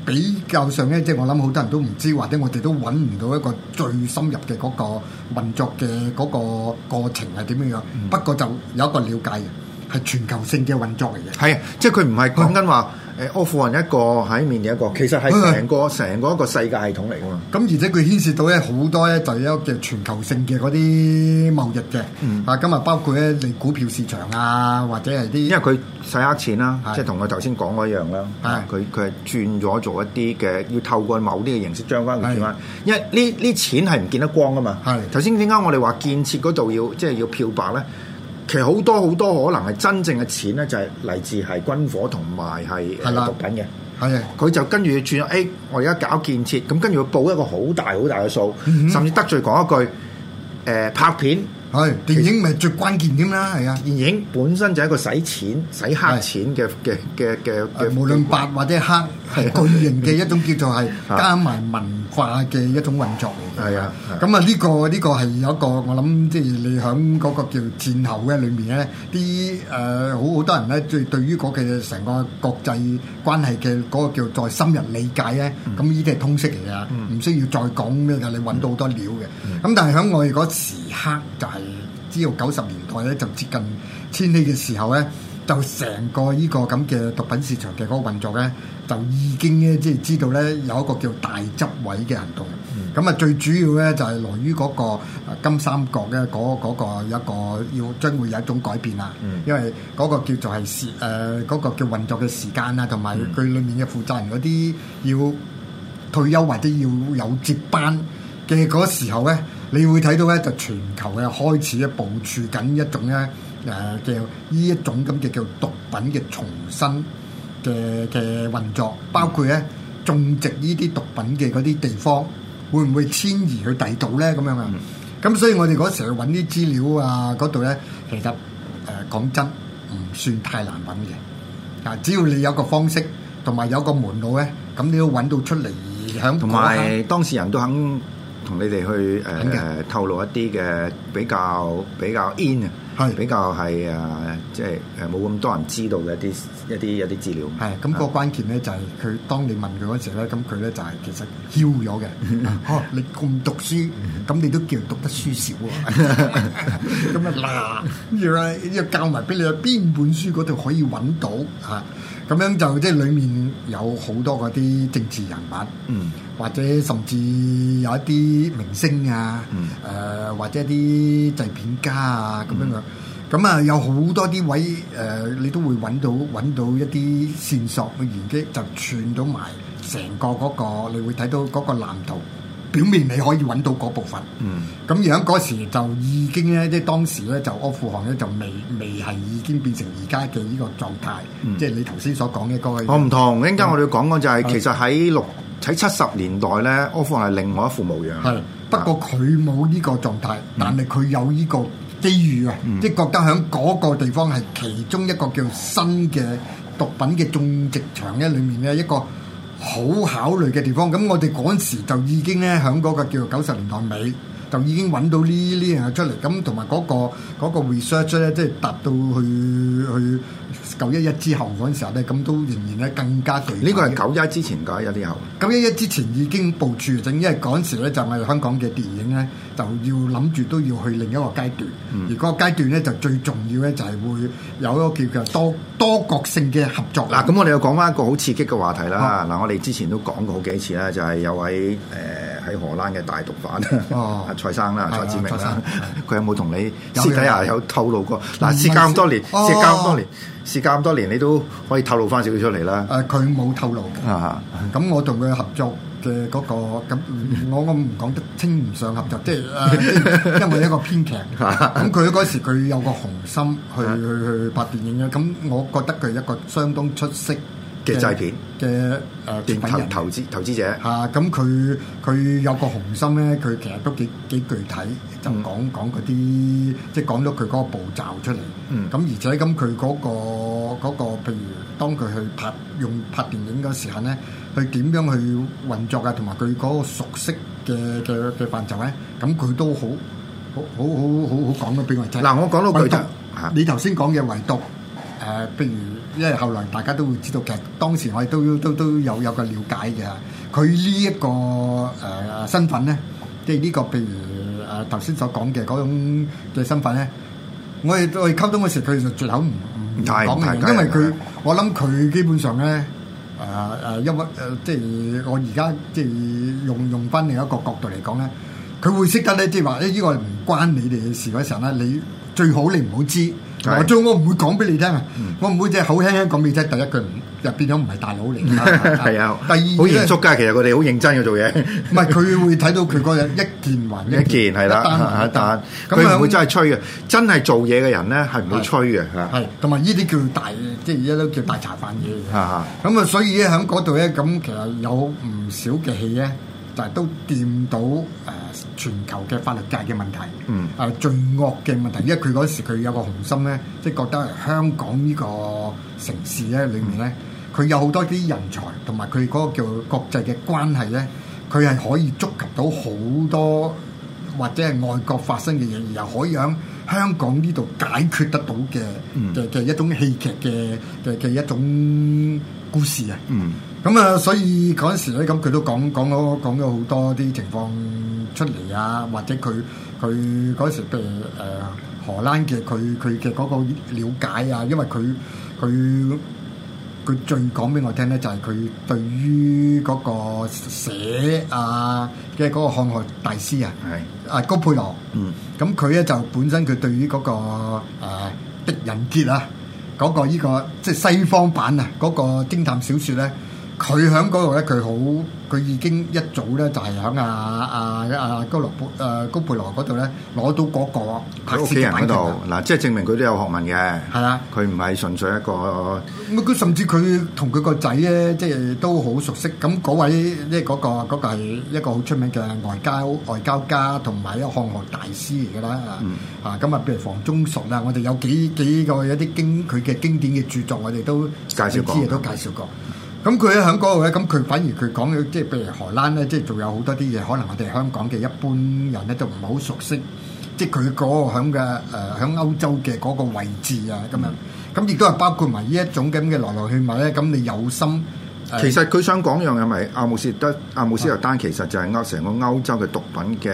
比較上咧，即係我諗好多人都唔知，或者我哋都揾唔到一個最深入嘅嗰個運作嘅嗰個過程係點樣樣。Mm. 不過就有一個了解嘅係全球性嘅運作嚟嘅，係啊，即係佢唔係講緊話。Oh. 阿富汗一個喺面嘅一個，其實係成個成是個一個世界系統嚟㗎嘛。咁、嗯、而且佢牽涉到咧好多咧，就一嘅全球性嘅嗰啲貿易嘅。啊、嗯，咁啊，包括咧你股票市場啊，或者係啲因為佢洗黑錢啦、啊，是即係同我頭先講嗰樣啦、啊。佢佢係轉咗做一啲嘅，要透過某啲嘅形式將翻佢轉翻，因為呢呢錢係唔見得光㗎嘛。係是。頭先點解我哋話建設嗰度要即係、就是、要漂白咧。其實好多好多可能係真正嘅錢咧，就係、係、嚟自係軍火同埋係毒品嘅。係啦，佢就跟住轉咗，誒、哎，我而家搞建設，咁跟住佢報一個好大好大嘅數，嗯嗯甚至得罪講一句，誒、呃、拍片係啊，其實電影咪最關鍵啲啦，係啊，電影本身就係一個使錢、使黑錢嘅嘅嘅嘅嘅，無論白或者黑。係巨型嘅一種叫做係 加埋文化嘅一種運作。係 啊，咁啊呢、啊這個呢、這個係有一個我諗，即係你響嗰個叫戰後嘅裏面咧，啲誒好好多人咧，最對於嗰個成個國際關係嘅嗰個叫再深入理解咧，咁呢啲係通識嚟㗎，唔、嗯、需要再講咩嘅，你揾到好多料嘅。咁、嗯嗯、但係喺我哋嗰時刻就係、是、知道九十年代咧就接近千禧嘅時候咧。就成個呢個咁嘅毒品市場嘅嗰個運作呢，就已經呢，即係知道呢，有一個叫大執位嘅行動。咁啊、嗯，最主要呢，就係來於嗰個金三角呢嗰嗰個一個要將會有一種改變啦。嗯、因為嗰個叫做係時誒嗰個叫運作嘅時間啊，同埋佢裡面嘅負責人嗰啲要退休或者要有接班嘅嗰時候呢，你會睇到呢，就全球嘅開始一部署緊一種呢。誒嘅呢一種咁嘅叫毒品嘅重新嘅嘅運作，包括咧、啊、種植呢啲毒品嘅嗰啲地方，會唔會遷移去第度咧？咁樣啊？咁、嗯、所以我哋嗰時去揾啲資料啊，嗰度咧，其實誒、呃、講真唔算太難揾嘅。嗱，只要你有個方式同埋有個門路咧，咁你都揾到出嚟。而同埋當事人都肯同你哋去誒、呃、的透露一啲嘅比較比較 in 啊。係比較係啊，即係誒，冇咁多人知道嘅一啲一啲一啲資料。係咁，個關鍵咧就係佢當你問佢嗰時咧，咁佢咧就係其實囂咗嘅。啊，你咁讀書，咁你都叫讀得書少啊？咁啊嗱，咁而家要教埋俾你，邊本書嗰度可以搵到？吓，咁樣就即係裏面有好多嗰啲政治人物，嗯，或者甚至有一啲明星啊，誒，或者一啲製片家啊咁樣樣。咁啊，有好多啲位誒、呃，你都會揾到揾到一啲線索嘅玄機，就串到埋成個嗰、那個，你會睇到嗰個藍圖。表面你可以揾到嗰部分，咁樣嗰時就已經咧，即係當時咧，就阿富汗咧就未未係已經變成而家嘅呢個狀態，嗯、即係你頭先所講嘅嗰個、哦。我唔同，陣間我哋講講就係、是嗯、其實喺六喺七十年代咧，阿富汗係另外一副模樣，係不過佢冇呢個狀態，嗯、但係佢有呢、這個。機遇啊！即覺得喺嗰個地方係其中一個叫新嘅毒品嘅種植場咧，裡面咧一個好考慮嘅地方。咁我哋嗰時就已經咧喺嗰個叫做九十年代尾，就已經揾到呢呢樣嘢出嚟。咁同埋嗰個嗰個 research 咧，即係達到去去。九一一之後嗰陣時候咧，咁都仍然咧更加巨。呢個係九一之前嘅一啲後。九一一之前已經部署緊，因為嗰陣時咧就我哋香港嘅電影咧，就要諗住都要去另一個階段。而嗰個階段咧就最重要咧就係會有一個叫做多多國性嘅合作。嗱，咁我哋又講翻一個好刺激嘅話題啦。嗱，我哋之前都講過好幾次啦，就係有位誒喺荷蘭嘅大毒販蔡生啦，蔡志明生，佢有冇同你私底下有透露過？嗱，私交咁多年，私交咁多年。事隔咁多年，你都可以透露翻少少出嚟啦。誒、啊，佢冇透露。咁我同佢合作嘅嗰、嗰個，咁我我唔講得清唔上合作， 即係、啊、因為一個編劇。咁佢嗰時佢有個雄心去 去去、去拍電影嘅，咁我覺得佢係一個相當出色嘅製片嘅誒，電、呃、影人投投資投資者嚇，咁佢佢有個雄心咧，佢其實都幾幾具體，就講講嗰啲，即係講到佢嗰個步驟出嚟。嗯，咁而且咁佢嗰個嗰個，譬如當佢去拍用拍電影嗰時候咧，佢點樣去運作嘅，同埋佢嗰個熟悉嘅嘅嘅範疇咧，咁佢都好好好好好好講得比較仔。嗱、啊，我講到佢、啊、你頭先講嘅唯獨。誒、呃，譬如，因為後來大家都會知道，其實當時我哋都都都有有個了解嘅。佢呢一個誒、呃、身份咧，即係呢個譬如誒頭先所講嘅嗰種嘅身份咧，我哋我哋溝通嘅時候，佢就最好唔唔講嘅，因為佢、呃、我諗佢基本上咧誒誒，因為誒即係我而家即係用用翻另一個角度嚟講咧，佢會識得咧，即係話呢個唔關你哋嘅事嗰陣咧，你最好你唔好知。 我做我唔會講俾你聽啊，我唔會即係口輕輕講俾你聽。第一句又變咗唔係大佬嚟，係啊。 第二好嚴肅噶， 其實佢哋好認真嘅做嘢。唔係佢會睇到佢嗰日一件還一件， 一件一單還一單。咁佢唔會真係吹嘅，真係做嘢嘅人咧係唔會吹嘅係，同埋呢啲叫大，即係而家都叫大茶飯嘢。咁啊的，嗯、所以咧喺嗰度咧，咁其實有唔少嘅戲咧。但係都掂到誒、呃、全球嘅法律界嘅問題，誒、嗯呃、罪惡嘅問題。因為佢嗰時佢有個雄心咧，即係覺得香港呢個城市咧裏面咧，佢、嗯、有好多啲人才，同埋佢嗰個叫國際嘅關係咧，佢係可以觸及到好多或者係外國發生嘅嘢，而又可以喺香港呢度解決得到嘅嘅嘅一種戲劇嘅嘅嘅一種故事啊。嗯嗯咁啊、嗯，所以嗰時咧，咁佢都講講咗講咗好多啲情況出嚟啊，或者佢佢嗰時譬如誒、呃、荷蘭嘅佢佢嘅嗰個瞭解啊，因為佢佢佢最講俾我聽咧，就係佢對於嗰個寫啊嘅嗰、那個漢學大師是啊，啊高佩羅，咁佢咧就本身佢對於嗰、那個誒狄仁傑啊嗰、啊那個依、這個即係西方版啊嗰、那個偵探小說咧。佢喺嗰度咧，佢好，佢已經一早咧就係喺阿阿阿高羅佩、啊、高羅佩嗰度咧攞到嗰個喺屋企人嗰度，嗱，即係證明佢都有學問嘅。係啦、啊，佢唔係純粹一個。佢、嗯、甚至佢同佢個仔咧，即係都好熟悉。咁嗰位即係嗰個嗰、嗰個係一個好出名嘅外交外交家同埋一個漢學大師嚟㗎啦。啊啊咁啊，譬如房中術啦，我哋有幾幾個有啲經佢嘅經典嘅著作，我哋都介紹過，都介紹過。咁佢喺嗰度咧，咁佢、那個、反而佢講嘅，即係譬如荷蘭咧，即係仲有好多啲嘢，可能我哋香港嘅一般人咧都唔係好熟悉，即係佢嗰個喺嘅誒喺歐洲嘅嗰個位置啊，咁樣，咁亦都係包括埋呢一種嘅咁嘅來來去去咧，咁你有心，其實佢想講一樣嘢，咪阿姆斯德、阿姆斯特丹，啊、其實就係歐成個歐洲嘅毒品嘅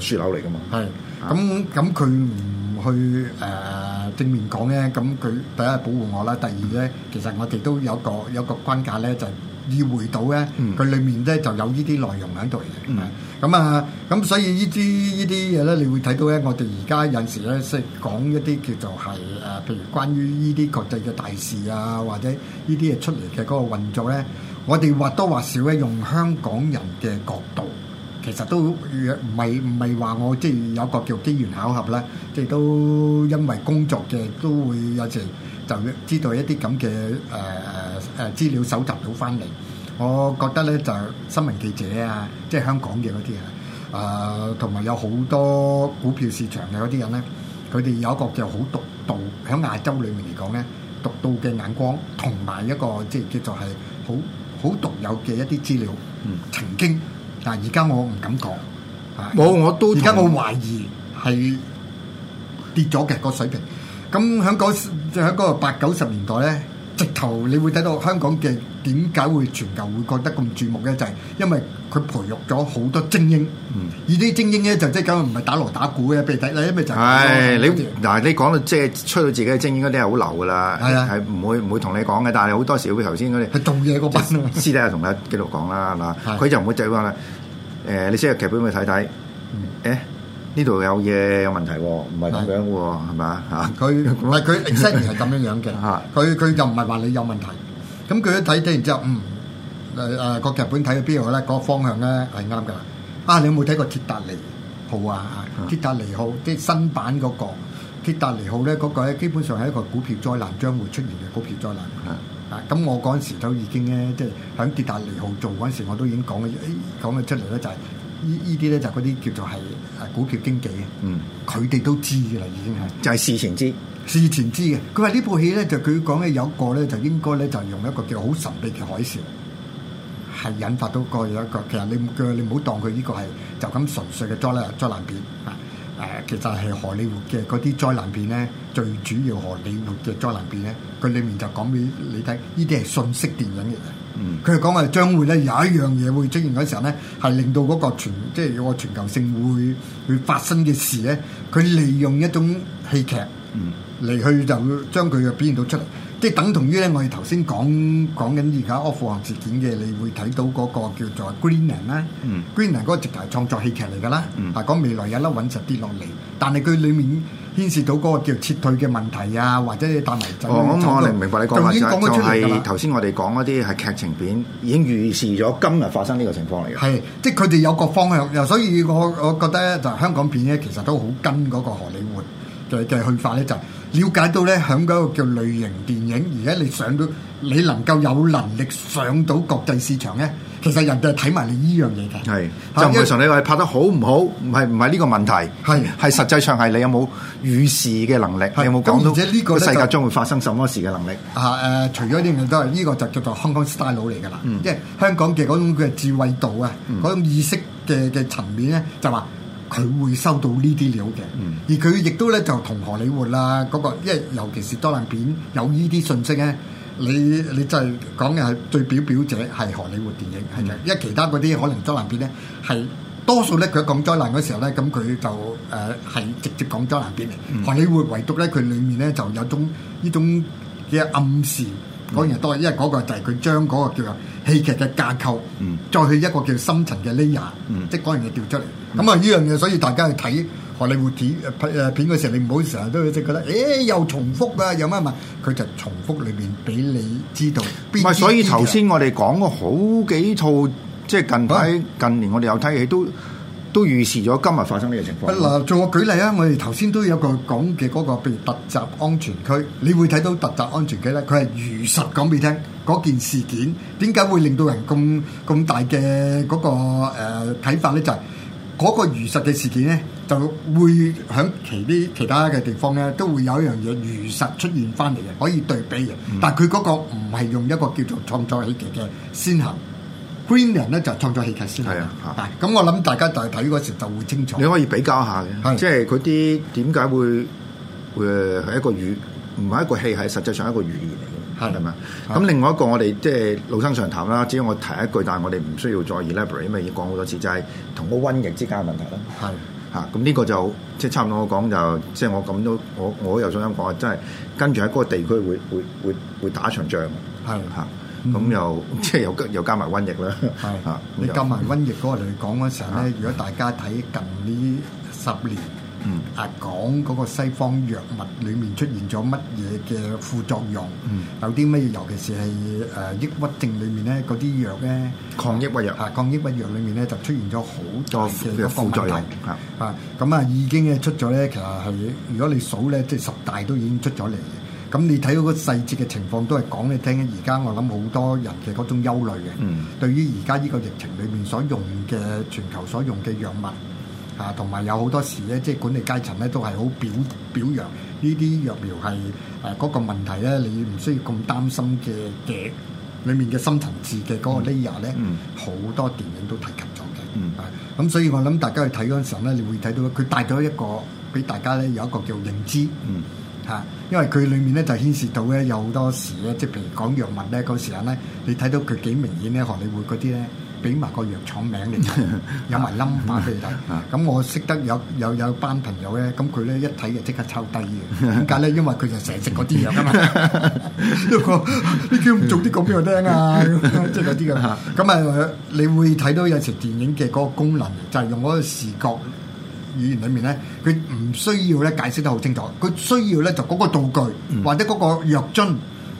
樞紐嚟噶嘛。係，咁咁佢唔去誒。啊正面講咧，咁佢第一係保護我啦，第二咧，其實我哋都有個有個關架咧，就係、意會到咧，佢裏面咧就有呢啲內容喺度嘅。咁、嗯、啊，咁所以呢啲呢啲嘢咧，你會睇到咧，我哋而家有時咧，識講一啲叫做係誒，譬如關於呢啲國際嘅大事啊，或者呢啲嘢出嚟嘅嗰個運作咧，我哋或多或少咧用香港人嘅角度。其實都唔係唔係話我即係有個叫機緣巧合啦，即係都因為工作嘅都會有時就知道一啲咁嘅誒誒誒資料搜集到返嚟，我覺得咧就新聞記者啊，即係香港嘅嗰啲啊，啊同埋有好多股票市場嘅嗰啲人咧，佢哋有一個叫好獨到，喺亞洲裏面嚟講咧獨到嘅眼光，同埋一個即係叫做係好好獨有嘅一啲資料嗯，曾經。但而家我唔敢講，冇我都而家我懷疑係跌咗嘅個水平。咁喺嗰喺嗰八九十年代咧，直頭你會睇到香港嘅點解會全球會覺得咁注目咧，就係因為佢培育咗好多精英。嗯，而啲精英咧就即係梗唔係打鑼打鼓嘅俾睇啦，因為就係你嗱你講到即係吹到自己嘅精英嗰啲係好流噶啦，係啊，係唔會唔會同你講嘅。但係好多時頭先嗰啲係做嘢嗰班師弟啊，同佢繼續講啦，嗱，佢就唔會就話。誒、呃，你先入劇本去睇睇。誒、欸，呢度有嘢有問題喎，唔係咁樣嘅喎，係咪的吧啊？嚇！ 佢唔係佢，origin 係咁樣樣嘅。嚇！佢佢就唔係話你有問題。咁佢一睇睇完之後，嗯誒誒個劇本睇到邊度咧？個方向咧係啱㗎。啊，你有冇睇過《鐵達尼號》啊？啊、那個？《鐵達尼號》即係新版嗰個《鐵達尼號》咧，嗰個咧基本上係一個股票災難將會出現嘅股票災難。啊啊！咁我嗰陣時都已經咧，即係喺鐵達尼號做嗰陣時，我都已經講嘅，講咗出嚟咧，就係呢呢啲咧就嗰啲叫做係啊股票經紀啊，嗯，佢哋都知噶啦，已經係就係事前知，事前知嘅。佢話呢部戲咧就佢講嘅有一個咧就應該咧就用一個叫好神秘嘅海嘯，係引發到過去一個。其實你佢你唔好當佢呢個係就咁純粹嘅災難災難片啊。誒，其實係荷里活嘅嗰啲災難片咧，最主要荷里活嘅災難片咧，佢裏面就講俾你睇，呢啲係信息電影嚟嘅。嗯，佢講話將會咧有一樣嘢會出現時候咧，係令到嗰個全，即係有個全球性會會發生嘅事咧。佢利用一種戲劇嚟、嗯、去就將佢嘅表現到出嚟。即係等同於咧，我哋頭先講講緊而家阿富汗事件嘅，你會睇到嗰個叫做 Greenland 啦、嗯、Greenland 嗰個直頭係創作戲劇嚟噶啦，係講、嗯、未來有粒隕石跌落嚟，但係佢裡面牽涉到嗰個叫撤退嘅問題啊，或者你帶埋就已經講咗出嚟㗎啦。頭先我哋講嗰啲係劇情片，已經預示咗今日發生呢個情況嚟嘅。係，即係佢哋有個方向，所以我我覺得就香港片咧，其實都好跟嗰個荷里活嘅嘅去法咧就是，了解到咧，喺嗰個叫類型電影，而家你上到，你能夠有能力上到國際市場咧，其實人哋係睇埋你呢樣嘢嘅。係，就唔係純你話你拍得好唔好，唔係唔係呢個問題。係是，係實際上係你有冇預視嘅能力，是有冇講到？而且個呢個世界將會發生什麼事嘅能力？啊誒、呃，除咗呢樣都係呢個就叫做、嗯、香港 style 嚟㗎啦，即係香港嘅嗰種嘅智慧度啊，嗰、嗯、種意識嘅嘅層面咧，就話。佢會收到呢啲料嘅，而佢亦都咧就同荷里活啦、啊、嗰、那個，因為尤其是災難片有呢啲信息咧，你你就係講嘅係最表表者係荷里活電影係嘅，嗯、因為其他嗰啲可能災難片咧係多數咧佢講災難嗰時候咧，咁佢就誒係、呃、直接講災難片嚟，嗯、荷里活唯獨咧佢裡面咧就有種呢種嘅暗示。講嘢多，嗯、因為嗰個就係佢將嗰個叫做戲劇嘅架構，嗯、再去一個叫深層嘅 layer，嗯、即係嗰、嗯、樣嘢調出嚟。咁啊，呢樣嘢所以大家去睇《荷里活片》片嘅時候，你唔好成日都即係覺得，誒、欸、又重複啊，又乜乜，佢就重複裏邊俾你知道。唔係，所以頭先我哋講咗好幾套，即係近排、啊、近年我哋有睇戲都。都預示咗今日發生呢個情況。嗱，做個舉例啊，我哋頭先都有個講嘅嗰個譬如突襲安全區，你會睇到突襲安全區咧，佢係如實講俾你聽嗰件事件，點解會令到人咁咁大嘅嗰個誒睇法咧？就係嗰個如實嘅事件咧，就會喺其啲其他嘅地方咧，都會有一樣嘢如實出現翻嚟嘅，可以對比嘅。但係佢嗰個唔係用一個叫做創作戲劇嘅先行。Green 人咧就創作戲劇先啦，咁、啊、我諗大家大睇嗰時就會清楚。你可以比較下嘅，是即係嗰啲點解會誒係一個語，唔係一個戲，係實際上一個語言嚟嘅，係咪啊？咁另外一個我哋即係老生常談啦，只要我提一句，但係我哋唔需要再 elaborate，因為已經講好多次，就係同嗰瘟疫之間嘅問題啦。係嚇是，咁呢個就即係差唔多講就，即係我咁都，我我又想講啊，真係跟住喺嗰個地區會會會會，會打場仗，係嚇是。咁、 嗯、又即係又，又加又加埋瘟疫啦！啊，你加埋瘟疫嗰個嚟講嗰時候咧，如果大家睇近呢十年，嗯啊講嗰個西方藥物裡面出現咗乜嘢嘅副作用？嗯、有啲乜嘢？尤其是係誒抑鬱症裡面咧，嗰啲藥咧，抗抑鬱藥，嚇抗抑鬱藥裡面咧就出現咗好多嘅副作用。嚇啊！咁啊已經嘅出咗咧，其實係如果你數咧，即係十大都已經出咗嚟。咁你睇到個細節嘅情況，都係講你聽。而家我諗好多人嘅嗰種憂慮嘅，嗯、對於而家呢個疫情裏面所用嘅全球所用嘅藥物，啊同埋有好多時咧，即係管理階層咧都係好表表揚呢啲藥苗係誒嗰個問題咧，你唔需要咁擔心嘅嘅裏面嘅深層次嘅嗰個 layer 咧、嗯，嗯、好多電影都提及咗嘅。嗯、啊，咁所以我諗大家去睇嗰陣時咧，你會睇到佢帶咗一個俾大家咧有一個叫認知。嗯嚇！因為佢裡面咧就牽涉到咧有好多時咧，即係譬如講藥物咧，嗰時候咧，你睇到佢幾明顯咧，學你會嗰啲咧，俾埋個藥廠名嚟，有埋冧碼俾你睇。咁我識得有有有班朋友咧，咁佢咧一睇就即刻抄低嘅。點解咧？因為佢就成日食嗰啲藥㗎嘛。你叫唔做啲講俾我聽啊！即係嗰啲㗎。咁啊，你會睇到有時電影嘅嗰個功能就係用嗰個視覺。語言裏面咧，佢唔需要咧解釋得好清楚，佢需要咧就嗰個道具、嗯、或者嗰個藥樽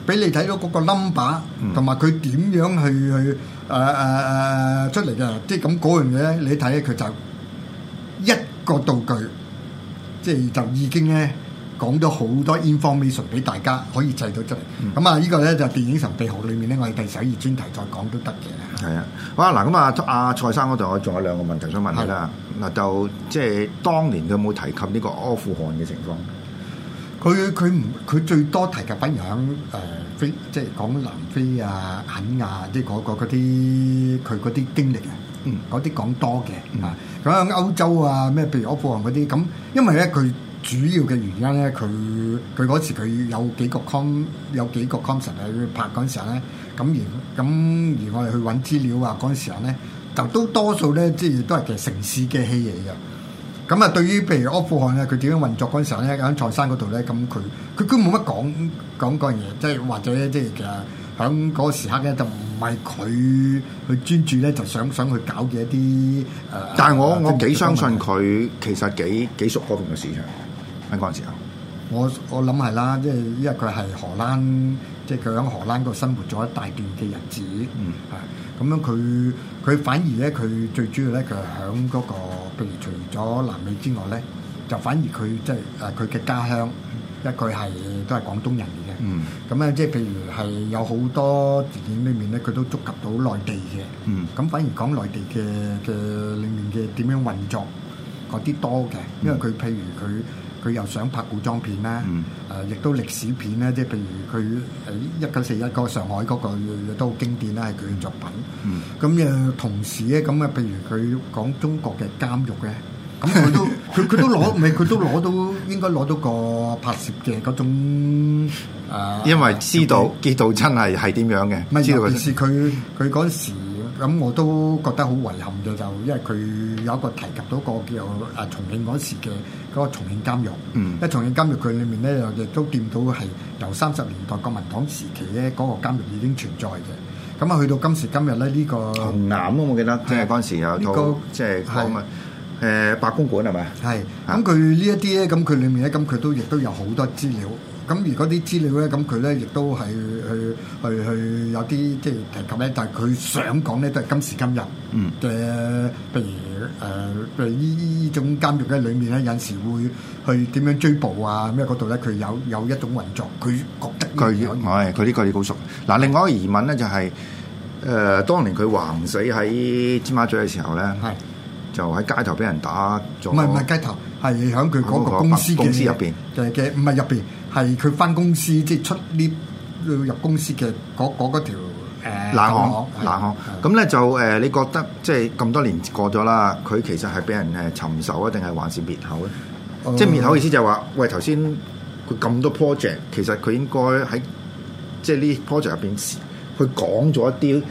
俾你睇到嗰個 number，同埋佢點樣去去誒誒誒出嚟嘅，即係咁嗰樣嘢咧，你睇佢就一個道具，即係就已經咧講咗好多 information 俾大家可以製到出嚟。咁啊、嗯，呢個咧就電影神秘學裏面咧，我哋第十二專題再講都得嘅。係啊，好啦，嗱，咁啊阿蔡生嗰度我仲有兩個問題想問你啦。嗱，就即係當年佢有冇提及呢個阿富汗嘅情況？佢佢唔佢最多提及緊響誒非，即係講南非啊肯亞，即係嗰個嗰啲佢嗰啲經歷啊，嗯，嗰啲講多嘅啊，咁樣歐洲啊咩，譬如阿富汗嗰啲咁，因為咧佢主要嘅原因咧，佢佢嗰時佢有幾個 con 有幾個 consent 喺拍嗰陣時候咧，咁而咁而我哋去揾資料啊嗰陣時候咧。都多數咧，即係都係其實城市嘅戲嘢嘅。咁啊，對於譬如阿富汗咧，佢點樣運作嗰陣時候咧，喺財山嗰度咧，咁佢佢佢冇乜講講嗰樣嘢，即係或者即係其實喺嗰時刻咧，就唔係佢去專注咧，就想想去搞嘅一啲。呃、但係我、啊、我幾題相信佢其實幾幾熟嗰邊嘅市場喺嗰陣時候。我我諗係啦，即係因為佢係荷蘭，即係佢喺荷蘭度生活咗一大段嘅日子，嗯啊。咁樣佢佢反而咧，佢最主要咧，佢係響嗰個，譬如除咗南美之外咧，就反而佢即係誒佢嘅家鄉，因為佢係都係廣東人嘅。嗯。咁樣，即係譬如係有好多電影裏面咧，佢都觸及到內地嘅。嗯。咁反而講內地嘅嘅裏面嘅點樣運作嗰啲多嘅，因為佢譬如佢。嗯佢又想拍古裝片咧，誒、嗯呃、亦都歷史片咧，即係譬如佢喺一九四一嗰個上海嗰、那個都好經典啦，係佢嘅作品。咁又、嗯、同時咧，咁啊，譬如佢講中國嘅監獄咧，咁佢、嗯、都佢佢都攞，咪佢 都攞到，應該攞到個拍攝嘅嗰種、啊、因為知道鐵、啊、道，道真係係點樣嘅。唔係、那個，尤其是佢佢嗰時，咁我都覺得好遺憾嘅，就因為佢有一個提及到個叫誒重慶嗰時嘅。嗰個重慶監獄，重慶監獄佢裏面咧又亦都見到係由三十年代國民黨時期咧嗰個監獄已經存在嘅，咁啊去到今時今日咧呢個紅岩啊，我記得是即係嗰陣時有呢個即係講，誒白公館係咪？係，咁佢呢一啲咧，咁佢裏面咧，咁佢都亦都有好多資料。咁如果啲資料咧，咁佢咧亦都係去去去，去有啲即係提及咧，但係佢想講咧都係今時今日嘅，譬、嗯呃、如誒譬、呃、如呢呢呢種監獄咧，裡面咧有時會去點樣追捕啊咩嗰度咧，佢有有一種運作，佢覺得佢我係佢啲概念好熟。嗱，另外一個疑問咧就係、是、誒、呃，當年佢橫死喺尖沙咀嘅時候咧，是就喺街頭俾人打咗。唔係唔係街頭，係喺佢嗰個公司嘅入邊，就係嘅，唔係入邊。係佢翻公司，即係出 lift 入公司嘅嗰嗰嗰條誒冷巷冷巷。咁咧就誒，你覺得即係咁多年過咗啦，佢其實係俾人誒尋仇啊，定係還是滅口咧？即係滅口意思就係話，喂頭先佢咁多 project，其實佢應該喺即係呢 project 入邊，去講咗一啲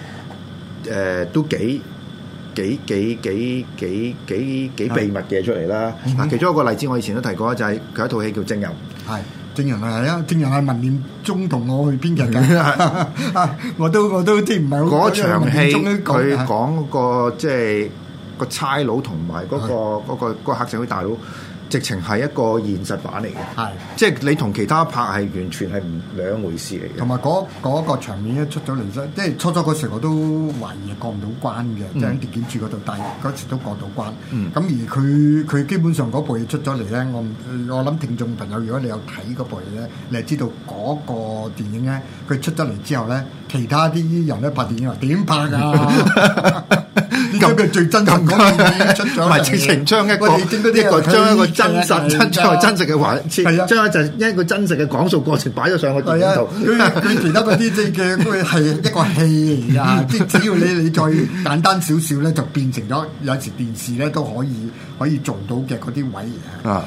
誒都幾幾幾幾幾幾幾秘密嘅出嚟啦。嗱，其中一個例子，我以前都提過，就係佢一套戲叫《證人》。係。證人啊，係啊！證人係文念中同我去邊日嘅，我都我都即係唔係好。嗰場戲、嗰個，佢講、嗰個即係的、嗰個差佬同埋嗰個嗰、嗰個嗰、嗰個黑社會、嗰個、大佬。直情係一個現實版嚟嘅，係的，即係你同其他拍係完全係唔兩回事嚟嘅。同埋嗰、嗰個場面一出咗嚟，即係初初嗰時我都懷疑過唔到關嘅，嗯、就喺電影處嗰度，但係嗰時都過到關。咁、嗯、而佢佢基本上嗰部嘢出咗嚟咧，我我諗聽眾朋友，如果你有睇嗰部嘢咧，你係知道嗰個電影咧，佢出咗嚟之後咧，其他啲人咧拍電影話點拍㗎、啊？ 咁佢 最真實出個，唔係直情將一個將一個真實、真真真實嘅環，將一陣一個真實嘅講述過程擺咗上去。佢其他啲即係都係一個戲嚟㗎！即只要你你再簡單少少咧，就變成咗有時電視咧都可以可以做到嘅嗰啲位。咁誒、啊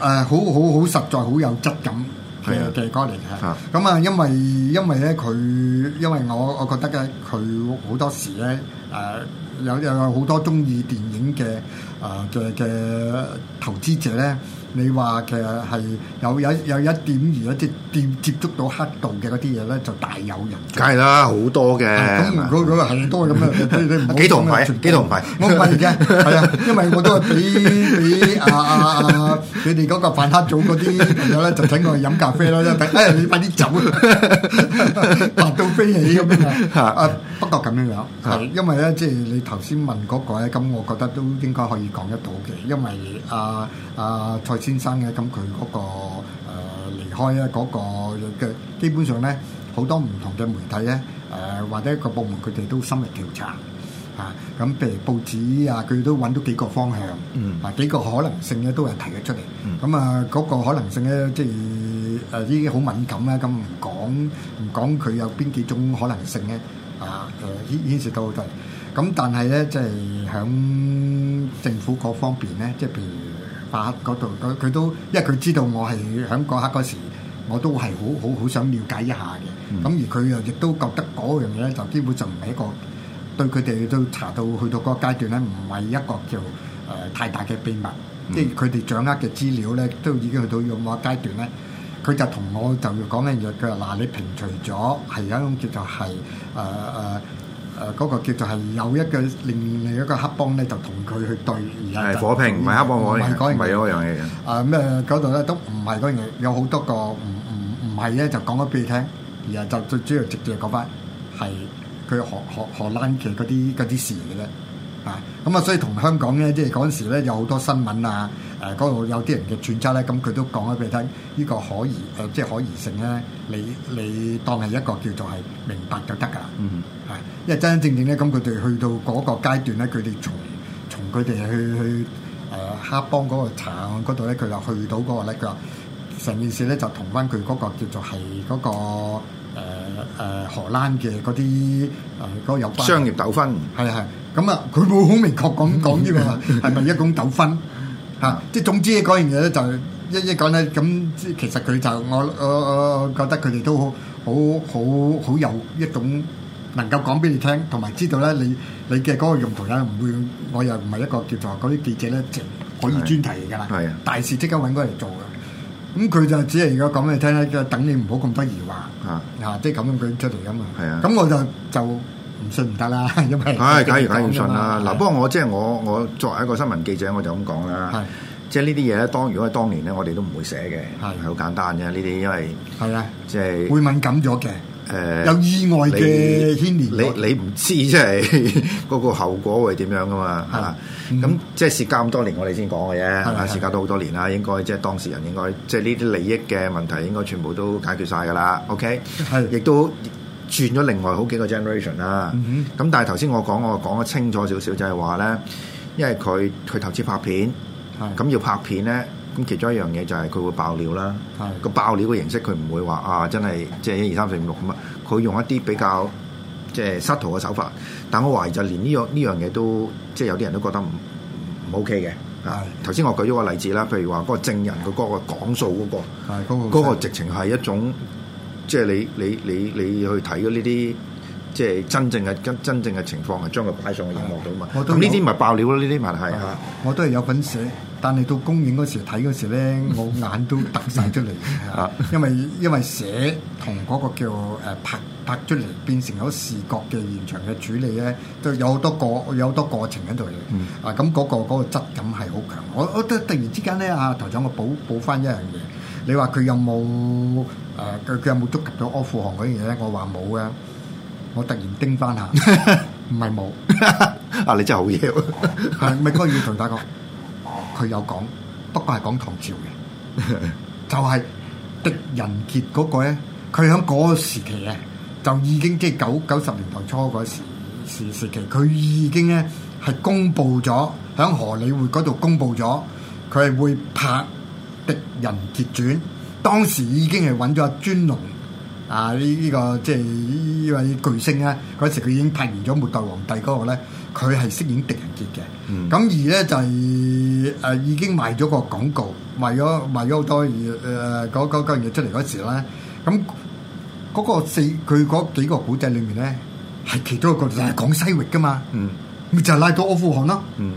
呃，好好好，好實在好有質感嘅嘅歌嚟嘅。咁啊，啊，啊因，因為因為咧，佢因為我我覺得咧，佢好多時咧誒。啊有有有好多中意電影嘅啊嘅嘅投資者咧。你話其實係有有有一點而一啲接接觸到黑道嘅嗰啲嘢咧，就大有人。梗係啦，好多嘅。咁如果咁啊，很多咁樣，你你唔好幾度唔係？幾度唔係？我唔係嘅，係啊，因為我都係俾俾阿阿阿佢哋嗰個反黑組嗰啲朋友咧，就請我飲咖啡啦，即係誒，你快啲走，白到飛起咁樣啊！不過咁樣樣係因為咧，即係你頭先問嗰個咧，咁我覺得都應該可以講得到嘅，因為阿阿蔡。先生嘅咁佢嗰個誒離開咧嗰個嘅基本上咧好多唔同嘅媒體咧誒或者一個部門佢哋都深入調查嚇咁譬如報紙啊佢都揾到幾個方向嗯嗱幾個可能性咧都係提咗出嚟嗯咁啊嗰個可能性咧即係誒依啲好敏感咧咁唔講唔講佢有邊幾種可能性咧啊誒牽涉到好多咁但係咧即係響政府嗰方邊咧即係譬如。嗰度佢都，因為佢知道我係喺嗰刻嗰時，我都係好好好想了解一下嘅。咁、嗯、而佢又亦都覺得嗰樣嘢就基本上就唔係一個對佢哋都查到去到嗰個階段咧，唔係一個叫誒、呃、太大嘅秘密。即係佢哋掌握嘅資料咧，都已經去到某個階段咧。佢就同我就要講緊嘢，佢話嗱，你排除咗係有一種叫做係誒誒。呃呃誒嗰、呃那個叫做係有一個另另一個黑幫咧，就同佢去對，而係火拼，唔係黑幫，唔係嗰樣嘢，唔係嗰樣嘢。啊咁誒，嗰度咧都唔係嗰樣嘢，有好多個唔唔唔係咧，就講咗俾你聽，而係就最主要直接講翻，係佢荷荷荷蘭嘅嗰啲嗰啲事咧。啊，咁啊，所以同香港咧，即係嗰陣時咧，有好多新聞啊，誒、呃，嗰度有啲人嘅揣測咧，咁佢都講咗俾你聽呢、呢個可疑，誒、呃，即係可疑性咧，你你當係一個叫做係明白就得噶，嗯，係、啊，因為真真正正咧，咁佢哋去到嗰個階段咧，佢哋從從佢哋去去誒黑幫嗰個查案嗰度咧，佢就去到嗰個咧，佢話成件事咧就同翻佢嗰個叫做係嗰、嗰個誒、呃呃、荷蘭嘅嗰啲誒嗰個有商業糾紛，係係。咁啊，佢冇好明確講講啲嘅，係咪一種糾紛嚇？即、嗯、係、嗯嗯、 總之講完嘢咧，就一一講咧咁。其實佢就我我我覺得佢哋都好好好好有一種能夠講俾你聽，同埋知道咧你你嘅嗰個用途咧，唔會我又唔係一個叫做嗰啲記者咧，淨可以專題嚟㗎啦。啊、大事即刻揾佢嚟做嘅。咁佢就只係而家講俾你聽咧，就等你唔好咁多疑話。嚇即係咁樣佢出嚟㗎嘛。係啊。咁我就就。唔信唔得啦，因為係，假如假如唔信啦，嗱，不過我即係我我作為一個新聞記者，我就咁講啦，即係呢啲嘢咧，當如果係當年咧，我哋都唔會寫嘅，係好簡單嘅呢啲，因為係啊，即係會敏感咗嘅，誒，有意外嘅牽連，你你唔知即係嗰個後果會點樣噶嘛，嚇，咁即係事隔咁多年，我哋先講嘅啫，係事隔都好多年啦，應該即係當事人應該即係呢啲利益嘅問題，應該全部都解決晒噶啦，OK，係，亦都。轉咗另外好幾個 generation 啦，咁、嗯、哼但係頭先我講我講得清楚少少，就係話咧，因為佢佢頭次拍片，咁的要拍片咧，咁其中一樣嘢就係佢會爆料啦，個的爆料嘅形式佢唔會話啊真係即係一二三四五六咁啊，佢用一啲比較即係 subtle 嘅手法，但我懷疑就連呢、這個、樣呢樣嘢都即係有啲人都覺得唔唔 OK 嘅，頭先的、啊、我舉咗個例子啦，譬如話嗰個證人嘅嗰個講數嗰、那個，的個直情係一種。即係你你你你去睇嗰呢啲，即係真正嘅真真正嘅情況，係將佢擺上去熒幕度啊嘛。咁呢啲咪爆料咯？呢啲咪係。啊啊、我都係有份寫，但係到公映嗰時睇嗰時咧，我眼都凸晒出嚟。 因為因為寫同嗰個叫誒拍拍出嚟變成有視覺嘅現場嘅處理咧，就有好多過有好多過程喺度嚟。嗯、啊咁嗰、嗰個嗰、嗰個、質感係好強。我我得突然之間咧啊，台長，我補補翻一樣嘢。你話佢有冇？誒佢佢有冇提及到阿富汗嗰樣嘢咧？我話冇啊，我突然叮翻下，唔係冇啊！你真係好嘢喎，係咪？該要同大家講，佢有講，不過係講唐朝嘅，就係狄仁傑嗰個咧，佢響嗰個時期啊，就已經即係九九十年代初嗰時時時期，佢已經咧係公布咗響荷里活嗰度公布咗，佢係會拍《狄仁傑傳》。當時已經係揾咗阿尊龍，啊呢呢、這個即係呢位巨星咧，嗰時佢已經拍完咗《末代皇帝、那個》嗰個咧，佢係飾演狄仁傑嘅。咁、嗯、而咧就係、是、誒、啊、已經賣咗個廣告，賣咗賣咗好多誒嗰嗰嚿嘢出嚟嗰時咧，咁嗰、那個四佢嗰幾個古仔裏面咧，係其中一個就係講西域噶嘛。嗯，咪就拉到阿富汗咯。嗯，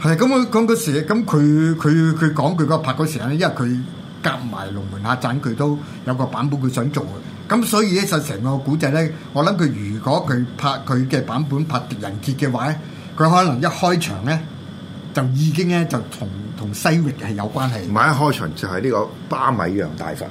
係咁佢講嗰時，咁佢佢佢講佢個拍嗰時咧，因為佢。夾埋龍門客棧，佢都有個版本佢想做嘅，咁所以咧就成個古仔咧，我諗佢如果佢拍佢嘅版本拍《狄仁傑》嘅話咧，佢可能一開場咧就已經咧就同同西域係有關係。唔係一開場就係呢個巴米揚大佛，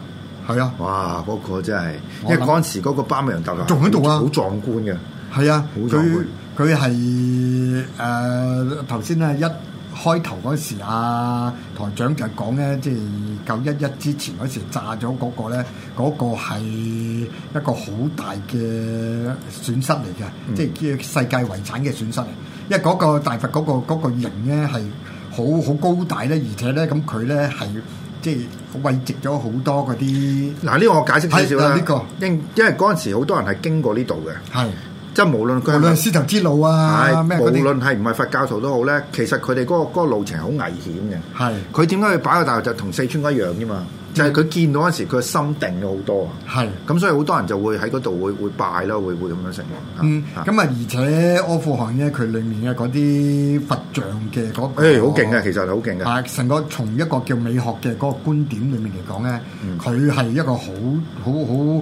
係啊，哇，嗰個真係，因為嗰陣時嗰個巴米揚大佛仲喺度啊，好壯觀嘅，係啊，好壯觀。佢係誒頭先咧一。開頭嗰時啊，台長就講咧，即係九一一之前嗰時炸咗嗰個咧，嗰個係一個好大嘅損失嚟嘅，嗯、即係世界遺產嘅損失嚟。因為嗰個大佛嗰個嗰個形咧係好好高大咧，而且咧咁佢咧係即係慰藉咗好多嗰啲。嗱呢個我解釋少少啦，呢、哎這個因因為嗰陣時好多人係經過呢度嘅。即係無論佢，無論絲綢之路啊，哎、麼無論係唔係佛教徒都好咧，其實佢哋嗰個路程好危險嘅。係是，佢點解要擺喺大陸就同四川一樣啫嘛？嗯、就係佢見到嗰時佢心定咗好多啊。係是，咁所以好多人就會喺嗰度會會拜啦，會會咁樣成。嗯，咁啊是，而且阿富汗咧，佢裡面嘅嗰啲佛像嘅嗰、那個，好勁啊，其實好勁嘅。係成個從一個叫美學嘅嗰個觀點裡面嚟講咧，佢係、嗯、一個好好好。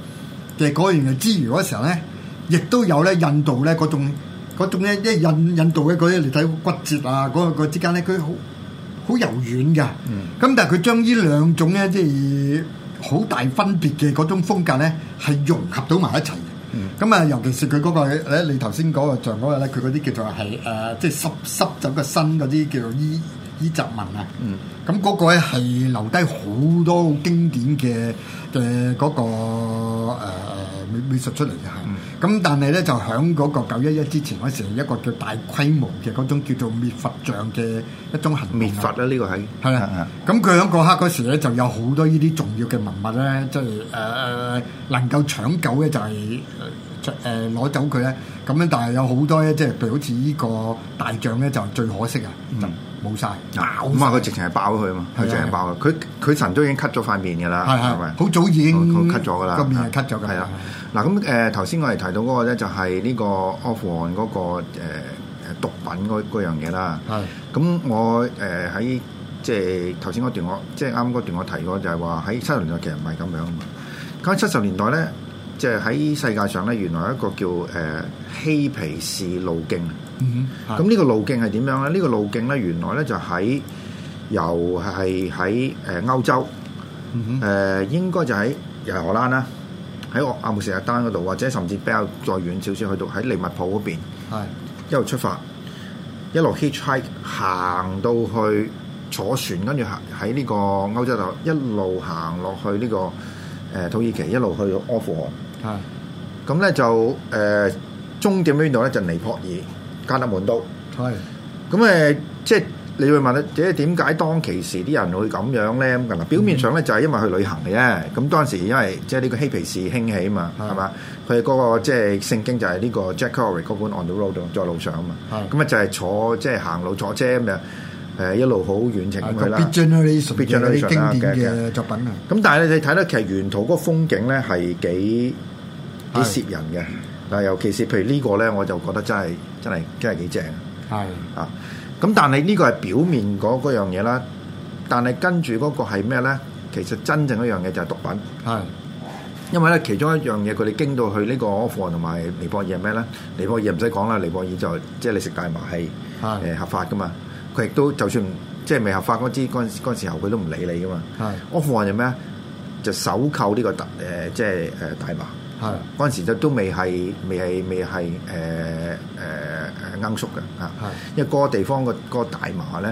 誒講嘅之餘嗰時候咧，亦都有咧印度咧嗰種嗰種咧，即係印印度嘅嗰啲你睇骨折啊嗰、嗰個之間咧，佢好好柔軟嘅。咁、嗯、但係佢將呢兩種咧，即係好大分別嘅嗰種風格咧，係融合到埋一齊嘅。咁啊、嗯，尤其是佢嗰、嗰個你頭先講個像嗰、嗰個咧，佢嗰啲叫做係誒、呃，即係濕濕咗個身嗰啲叫做衣衣質紋啊。咁嗰、嗯嗯、個咧係留低好多好經典嘅嘅嗰個美術出嚟就係，咁但係咧就喺嗰個九一一之前嗰時，一個叫大規模嘅嗰種叫做滅佛像嘅一種行動啊！滅佛啊！呢個係係啊，咁佢喺嗰刻嗰時咧就有好多呢啲重要嘅文物咧，即係誒能夠搶救嘅就係誒攞走佢咧。咁樣但係有好多咧，即係譬如好似依個大像咧，就最可惜啊，冇晒，咁啊！佢直情係爆咗佢啊嘛，佢直情爆啊！佢佢神都已經 cut 咗塊面㗎啦，係係好早已經 cut 咗㗎啦，個面係 cut 咗㗎，係啦。嗱咁誒頭先我哋提到嗰個咧就係呢個阿富汗嗰個誒誒毒品嗰樣嘢啦。係。咁我誒喺即係頭先嗰段我即係啱嗰段我提過就係話喺七十年代其實唔係咁樣啊嘛。咁七十年代咧，即係喺世界上咧原來一個叫誒嬉皮士路徑。嗯哼。咁呢個路徑係點樣咧？呢個路徑咧原來咧就喺又係喺誒歐洲。嗯哼。誒應該就喺又係荷蘭啦。喺我阿姆斯特丹嗰度，或者甚至比較再遠少少去到喺利物浦嗰邊，是一路出發，一路 hitchhike 行到去坐船，跟住喺呢個歐洲度一路行落去呢、這個誒、呃、土耳其，一路去阿富汗是，咁咧就誒、呃、終點喺邊度咧？就是、尼泊爾加德滿都，咁誒是、呃、即係。你會問咧，即係點解當其時啲人會咁樣咧？咁嗱，表面上咧就係因為去旅行嘅啫。咁當時因為即係呢個嬉皮士興起啊嘛，係嘛？佢哋嗰個即係聖經就係呢個 Jack Kerouac 嗰本 on the road 在路上啊嘛。咁啊就係坐即係行路坐車咁樣，誒一路好遠程去啦。Beat Generation 佢呢啲熟 Beat Generation 佢呢啲經典嘅作品啊。咁但係你睇到其實沿途嗰個風景咧係幾幾攝人嘅嗱，尤其是譬如呢個咧，我就覺得真係真係真係幾正係啊！咁但係呢個係表面嗰樣嘢啦，但係跟住嗰個係咩咧？其實真正一樣嘢就係毒品。係，因為咧其中一樣嘢佢哋經到去個呢個阿富汗同埋尼泊爾係咩咧？尼泊爾唔使講啦，尼泊爾就係、即係你食大麻係誒是的、呃、合法噶嘛。佢亦都就算即係未合法嗰支嗰陣嗰陣時候，佢都唔理你噶嘛。阿富汗就咩啊？就收購呢、呢個特誒、呃、即係誒大麻。係，嗰 時就都未係未係未係誒誒誒罌粟嘅啊，呃呃呃嗯、因為個地方個、那個大麻咧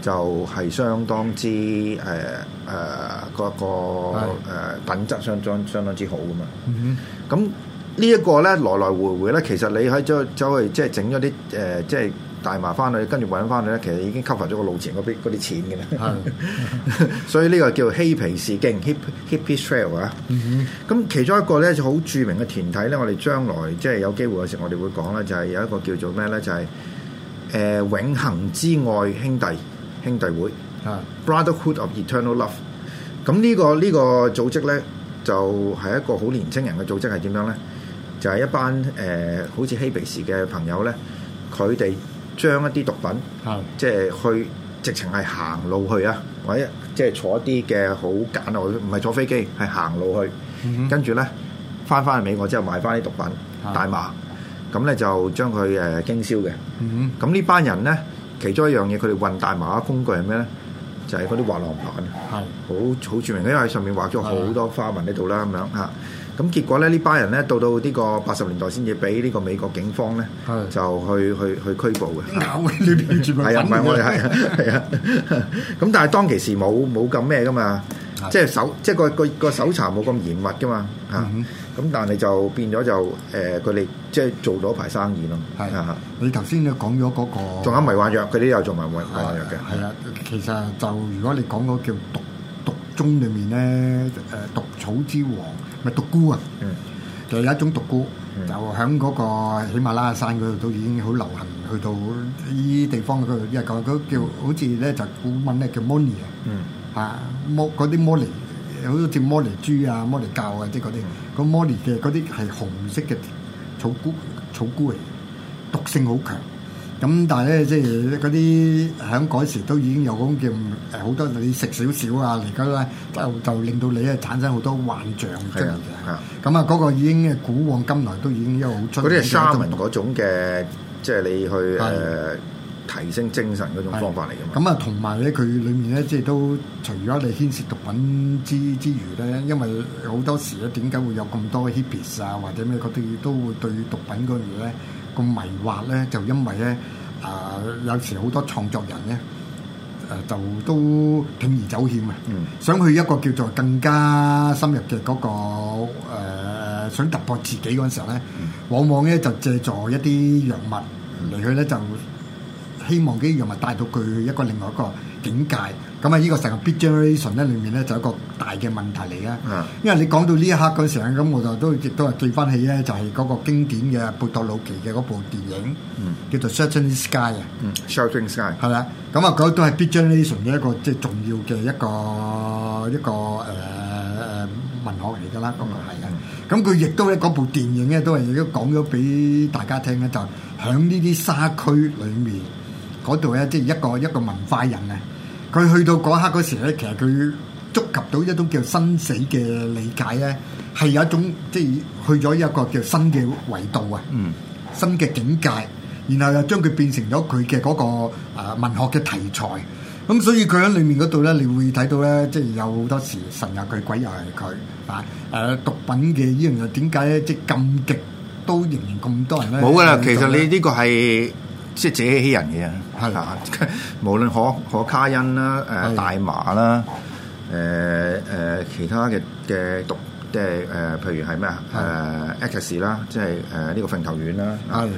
就係、是、相當之誒誒嗰個誒品、呃、質相當相當之好噶嘛。嗯哼、mm，咁、hmm. 呢一個咧來來回回咧，其實你可以將走，走去即係整咗啲誒即係。就是大麻翻去，跟住揾翻去，其實已經吸翻咗個路錢嗰啲嗰啲錢嘅啦。所以呢個叫嬉皮士徑，hip hippie trail 啊。咁其中一個咧就好著名嘅團體咧，我哋將來即係有機會嘅時候，我哋會講咧，就係有一個叫做咩咧，就係誒永恆之愛兄弟兄弟會，brotherhood of eternal love。咁呢個呢個組織咧，就係一個好年青人嘅組織，係點樣咧？就係一班誒好似嬉皮士嘅朋友咧，佢哋。將一啲毒品，即係去直情係行路去啊，或者即係坐一啲嘅好簡陋，唔係坐飛機，係行路去，跟住咧翻翻去美國之後買翻啲毒品大麻，咁咧、嗯、哼就將佢誒經銷嘅，咁呢、嗯、哼班人咧其中一樣嘢，佢哋運大麻嘅工具係咩咧？就係嗰啲滑浪板，好好、嗯、哼著名，因為上面畫咗好多花紋喺度啦，咁樣嚇。嗯咁結果咧，呢班人咧到到呢個八十年代先至俾呢個美國警方咧就去去去拘捕嘅。你啲全部係啊，唔係我哋係係啊。咁但係當其時冇冇咁咩㗎嘛，即係搜即係個個個搜查冇咁嚴密㗎嘛嚇。咁但係就變咗就誒佢哋即係做咗一排生意咯。啊，你頭先你講咗嗰個，仲有迷幻藥，佢哋又做埋迷迷幻藥嘅。係啦，其實就如果你講嗰個叫毒毒中裡面咧誒毒草之王。咪毒菇啊，就有一種毒菇，嗯、就喺嗰個喜馬拉雅山嗰度都已經好流行，去到呢地方嗰度一個叫，叫好似咧就古文咧叫摩尼、嗯、啊，啊摩嗰啲摩尼，好似摩尼珠啊摩尼教啊，即係嗰啲，個、嗯、摩尼嘅嗰啲係紅色嘅草菇草菇嚟，毒性好強。咁但係咧，即係嗰啲喺嗰時都已經有嗰種叫誒好多，你食少少啊，而家咧就就令到你咧產生好多幻象嘅。咁啊，嗰個已經古往今來都已經有好出名。嗰啲係沙文嗰種嘅，即係你去誒的、呃、提升精神嗰種方法嚟嘅。咁啊，同埋咧，佢裡面咧，即係都除咗你牽涉毒品之之餘咧，因為好多時咧，點解會有咁多 hippies 啊，或者咩嗰啲都會對毒品嗰啲咧。個迷惑咧，就因為咧，啊、呃、有時好多創作人咧，誒、呃、就都鋌而走險啊！嗯、想去一個叫做更加深入嘅嗰、那個、呃、想突破自己嗰陣時候咧，往往咧就借助一啲藥物嚟去咧，就希望啲藥物帶到佢去一個另外一個境界。咁啊！依個成個 Beat Generation 咧，裡面咧就一個大嘅問題嚟嘅，因為你講到呢一刻嗰陣咁，我就都亦都係記翻起咧，就係嗰個經典嘅貝托魯奇嘅嗰部電影，叫做《Sheltering Sky》啊，《Sheltering Sky》係咪啊？咁啊，佢都係 Beat Generation 嘅一個即係重要嘅一個一個誒文學嚟㗎啦。咁啊係啊，咁佢亦都咧嗰部電影咧都係已經講咗俾大家聽咧，就喺呢啲沙區裡面嗰度咧，即係一個一個文化人啊。佢去到嗰刻嗰時咧，其實佢觸及到一種叫生死嘅理解咧，係有一種即係去咗一個叫新嘅維度啊，嗯，新嘅境界，然後又將佢變成咗佢嘅嗰個啊文學嘅題材。咁所以佢喺裡面嗰度咧，你會睇到咧，即係有好多時神又佢，鬼又係佢，但係誒毒品嘅呢樣又點解即係咁極都仍然咁多人咧？冇㗎喇，其實你呢個係。即係自欺欺人嘅啊，係的啊，無論可可卡因啦、誒大麻啦、誒誒的、呃、其他嘅嘅毒，即係誒譬如係咩啊、誒 X 啦，即係誒呢個 fing 頭丸啦。係，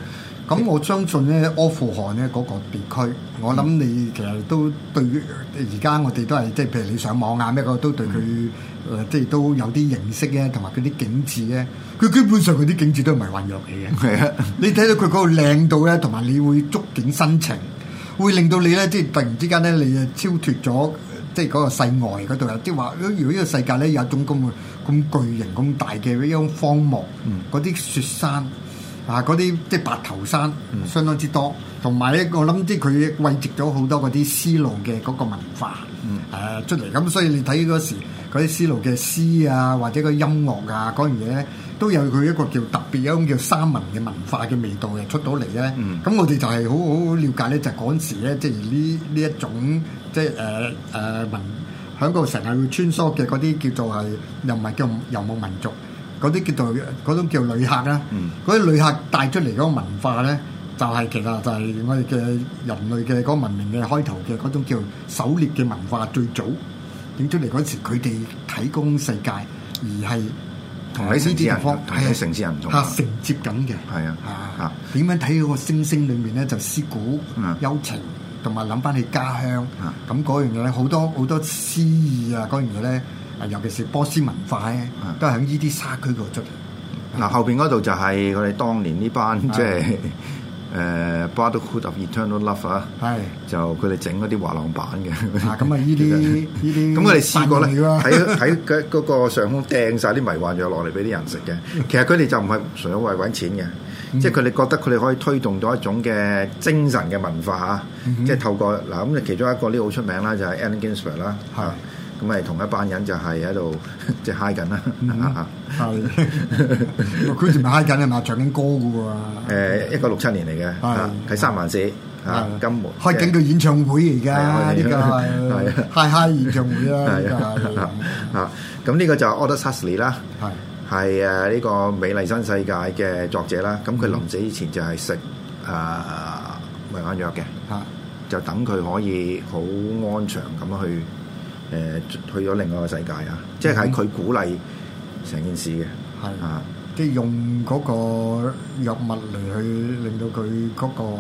咁我相信咧，阿富汗咧嗰個地區，我諗你其實都對於都，而家我哋都係即係譬如你上網啊咩個都對佢。即係都有啲形式咧，同埋嗰啲景緻咧，佢基本上佢啲景緻都唔係幻覺嚟嘅。係啊， 你睇到佢嗰個靚度咧，同埋你會觸景生情，會令到你咧即係突然之間咧，你啊超脫咗即係嗰個世外嗰度啊！即係話如果呢個世界咧有種咁咁巨型咁大嘅一種荒漠，嗰啲、嗯、雪山啊，嗰啲即係白頭山，相當之多，同埋咧我諗即係佢遺植咗好多嗰啲絲路嘅嗰個文化，嗯，啊、出嚟咁，所以你睇嗰時。嗰啲絲路嘅詩啊，或者個音樂啊，嗰樣嘢咧，都有佢一個叫特別一種叫三文嘅文化嘅味道，嘅出到嚟咧。咁、嗯、我哋就係好好了解咧，就嗰、是、陣時咧，即係呢呢一種即係誒誒文，喺個成日會穿梭嘅嗰啲叫做係又唔係叫遊牧民族嗰啲叫做嗰種叫旅客啦。嗰啲旅客帶出嚟嗰個文化咧，就係、是、其實就係我哋嘅人類嘅嗰個文明嘅開頭嘅嗰種叫狩獵嘅文化最早。影出嚟嗰時，佢哋睇供世界，而係同啲城市人唔同，嚇承接緊嘅。係啊，嚇點、啊啊、樣睇嗰個星星裏面咧？就思古、嗯啊、幽情，同埋諗翻你家鄉。咁嗰、嗯啊、樣嘢好多好多詩意啊！嗰樣嘢咧，尤其是波斯文化咧，都喺呢啲沙區度出嗱，嗯啊啊、後邊嗰度就係我哋當年呢班即係。誒、uh，Brotherhood of Eternal Love 是啊，係就佢哋整嗰啲滑浪板嘅。咁啊些，依啲依啲，咁佢哋試過咧，喺喺嗰個上空掟晒啲迷幻藥落嚟俾啲人食嘅。 其實佢哋就唔係純粹為揾錢嘅，嗯、即係佢哋覺得佢哋可以推動到一種嘅精神嘅文化嚇，嗯、哼即係透過嗱咁。其中一個呢好出名啦，就係、是、Allen Ginsberg 啦嚇的。咁咪同一班人就係喺度即係 high 緊啦，係佢唔係 high 緊啊嘛，唱緊歌嘅喎。誒，一九六七年嚟嘅，係三藩市，嚇金門開緊個演唱會，而家呢個，high high 演唱會啦。嚇嚇咁呢個就 Aldous Huxley 啦，係係誒呢個美麗新世界嘅作者啦。咁佢臨死以前就係食誒迷幻藥嘅，嚇就等佢可以好安詳咁樣去。誒去咗另外一個世界。mm hmm. 啊！即係喺佢鼓勵成件事嘅，啊，即係用嗰個藥物嚟去令到佢嗰個誒誒，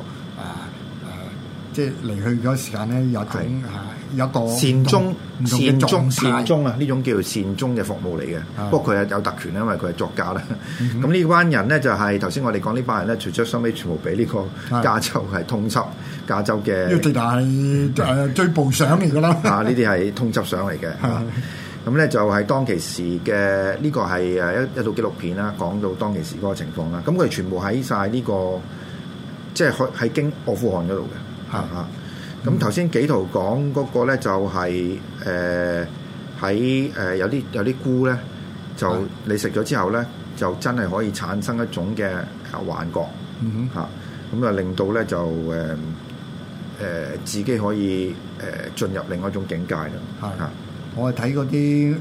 即係離去嗰時間咧，有種嚇是、啊、有一個善終宗善終善終啊！呢種叫做善終嘅服務嚟嘅。Mm hmm. 不過佢係有特權，因為佢係作家啦。咁 呢、嗯 hmm. 班人咧就係頭先我哋講呢班人咧，除咗收尾全部俾呢個加州係通緝。亞洲嘅要最大係誒追捕相嚟㗎啦！啊，呢啲係通緝相嚟嘅。咁咧就係當其時嘅呢個係誒一一套紀錄片啦，講到當其時嗰個情況啦。咁佢哋全部喺曬呢個，即係喺喺阿富汗嗰度嘅。嚇嚇！咁頭先幾圖講嗰個咧就係誒喺誒有啲有啲菇咧，就你食咗之後咧，就真係可以產生一種嘅幻覺。嗯哼。嚇咁啊，令到咧就誒。誒、呃、自己可以誒、呃、進入另外一種境界咯。係啊，啊我係睇嗰啲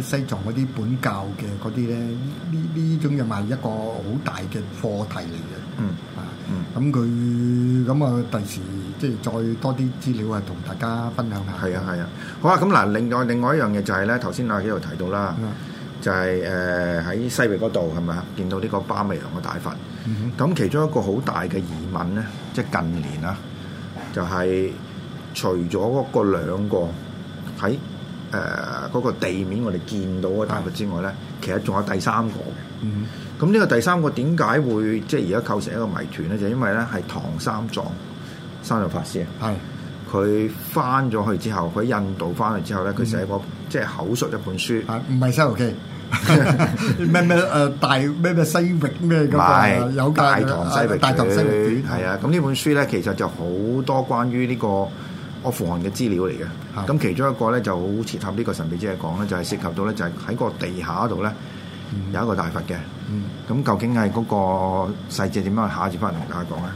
誒西藏嗰啲本教嘅嗰啲咧，呢呢種又咪一個好大嘅課題嚟嘅，嗯。嗯啊，嗯，咁佢咁啊第時即係再多啲資料啊，同大家分享下。係啊，係啊，好啊。咁、嗯、嗱，另外另外一樣嘢就係、是、咧，頭先阿姐度提到啦。就係誒喺西域嗰度係咪啊？見到呢個巴米揚嘅大佛。咁、嗯、哼其中一個好大嘅疑問咧，即係近年啦，就係、是、除咗嗰個兩個喺誒嗰個地面我哋見到嘅大佛之外咧，其實仲有第三個。咁呢、嗯、哼個第三個點解會即係而家構成一個謎團咧？就是、因為咧係唐三藏三藏法師啊，係佢翻咗去之後，佢喺印度翻去之後咧，佢寫個、嗯、哼即係口述一本書，唔係西遊記。咩咩誒大咩咩西域咩咁啊有間件嘅大唐西域傳係啊，咁呢本書咧其實就好多關於呢個阿富汗嘅資料嚟嘅，咁的其中一個咧就好切合呢個神秘之夜講咧，就係、是、涉及到咧就係喺個地下度咧有一個大佛嘅，咁、嗯嗯、究竟係嗰個細節點樣？下一節翻嚟同大家講啊！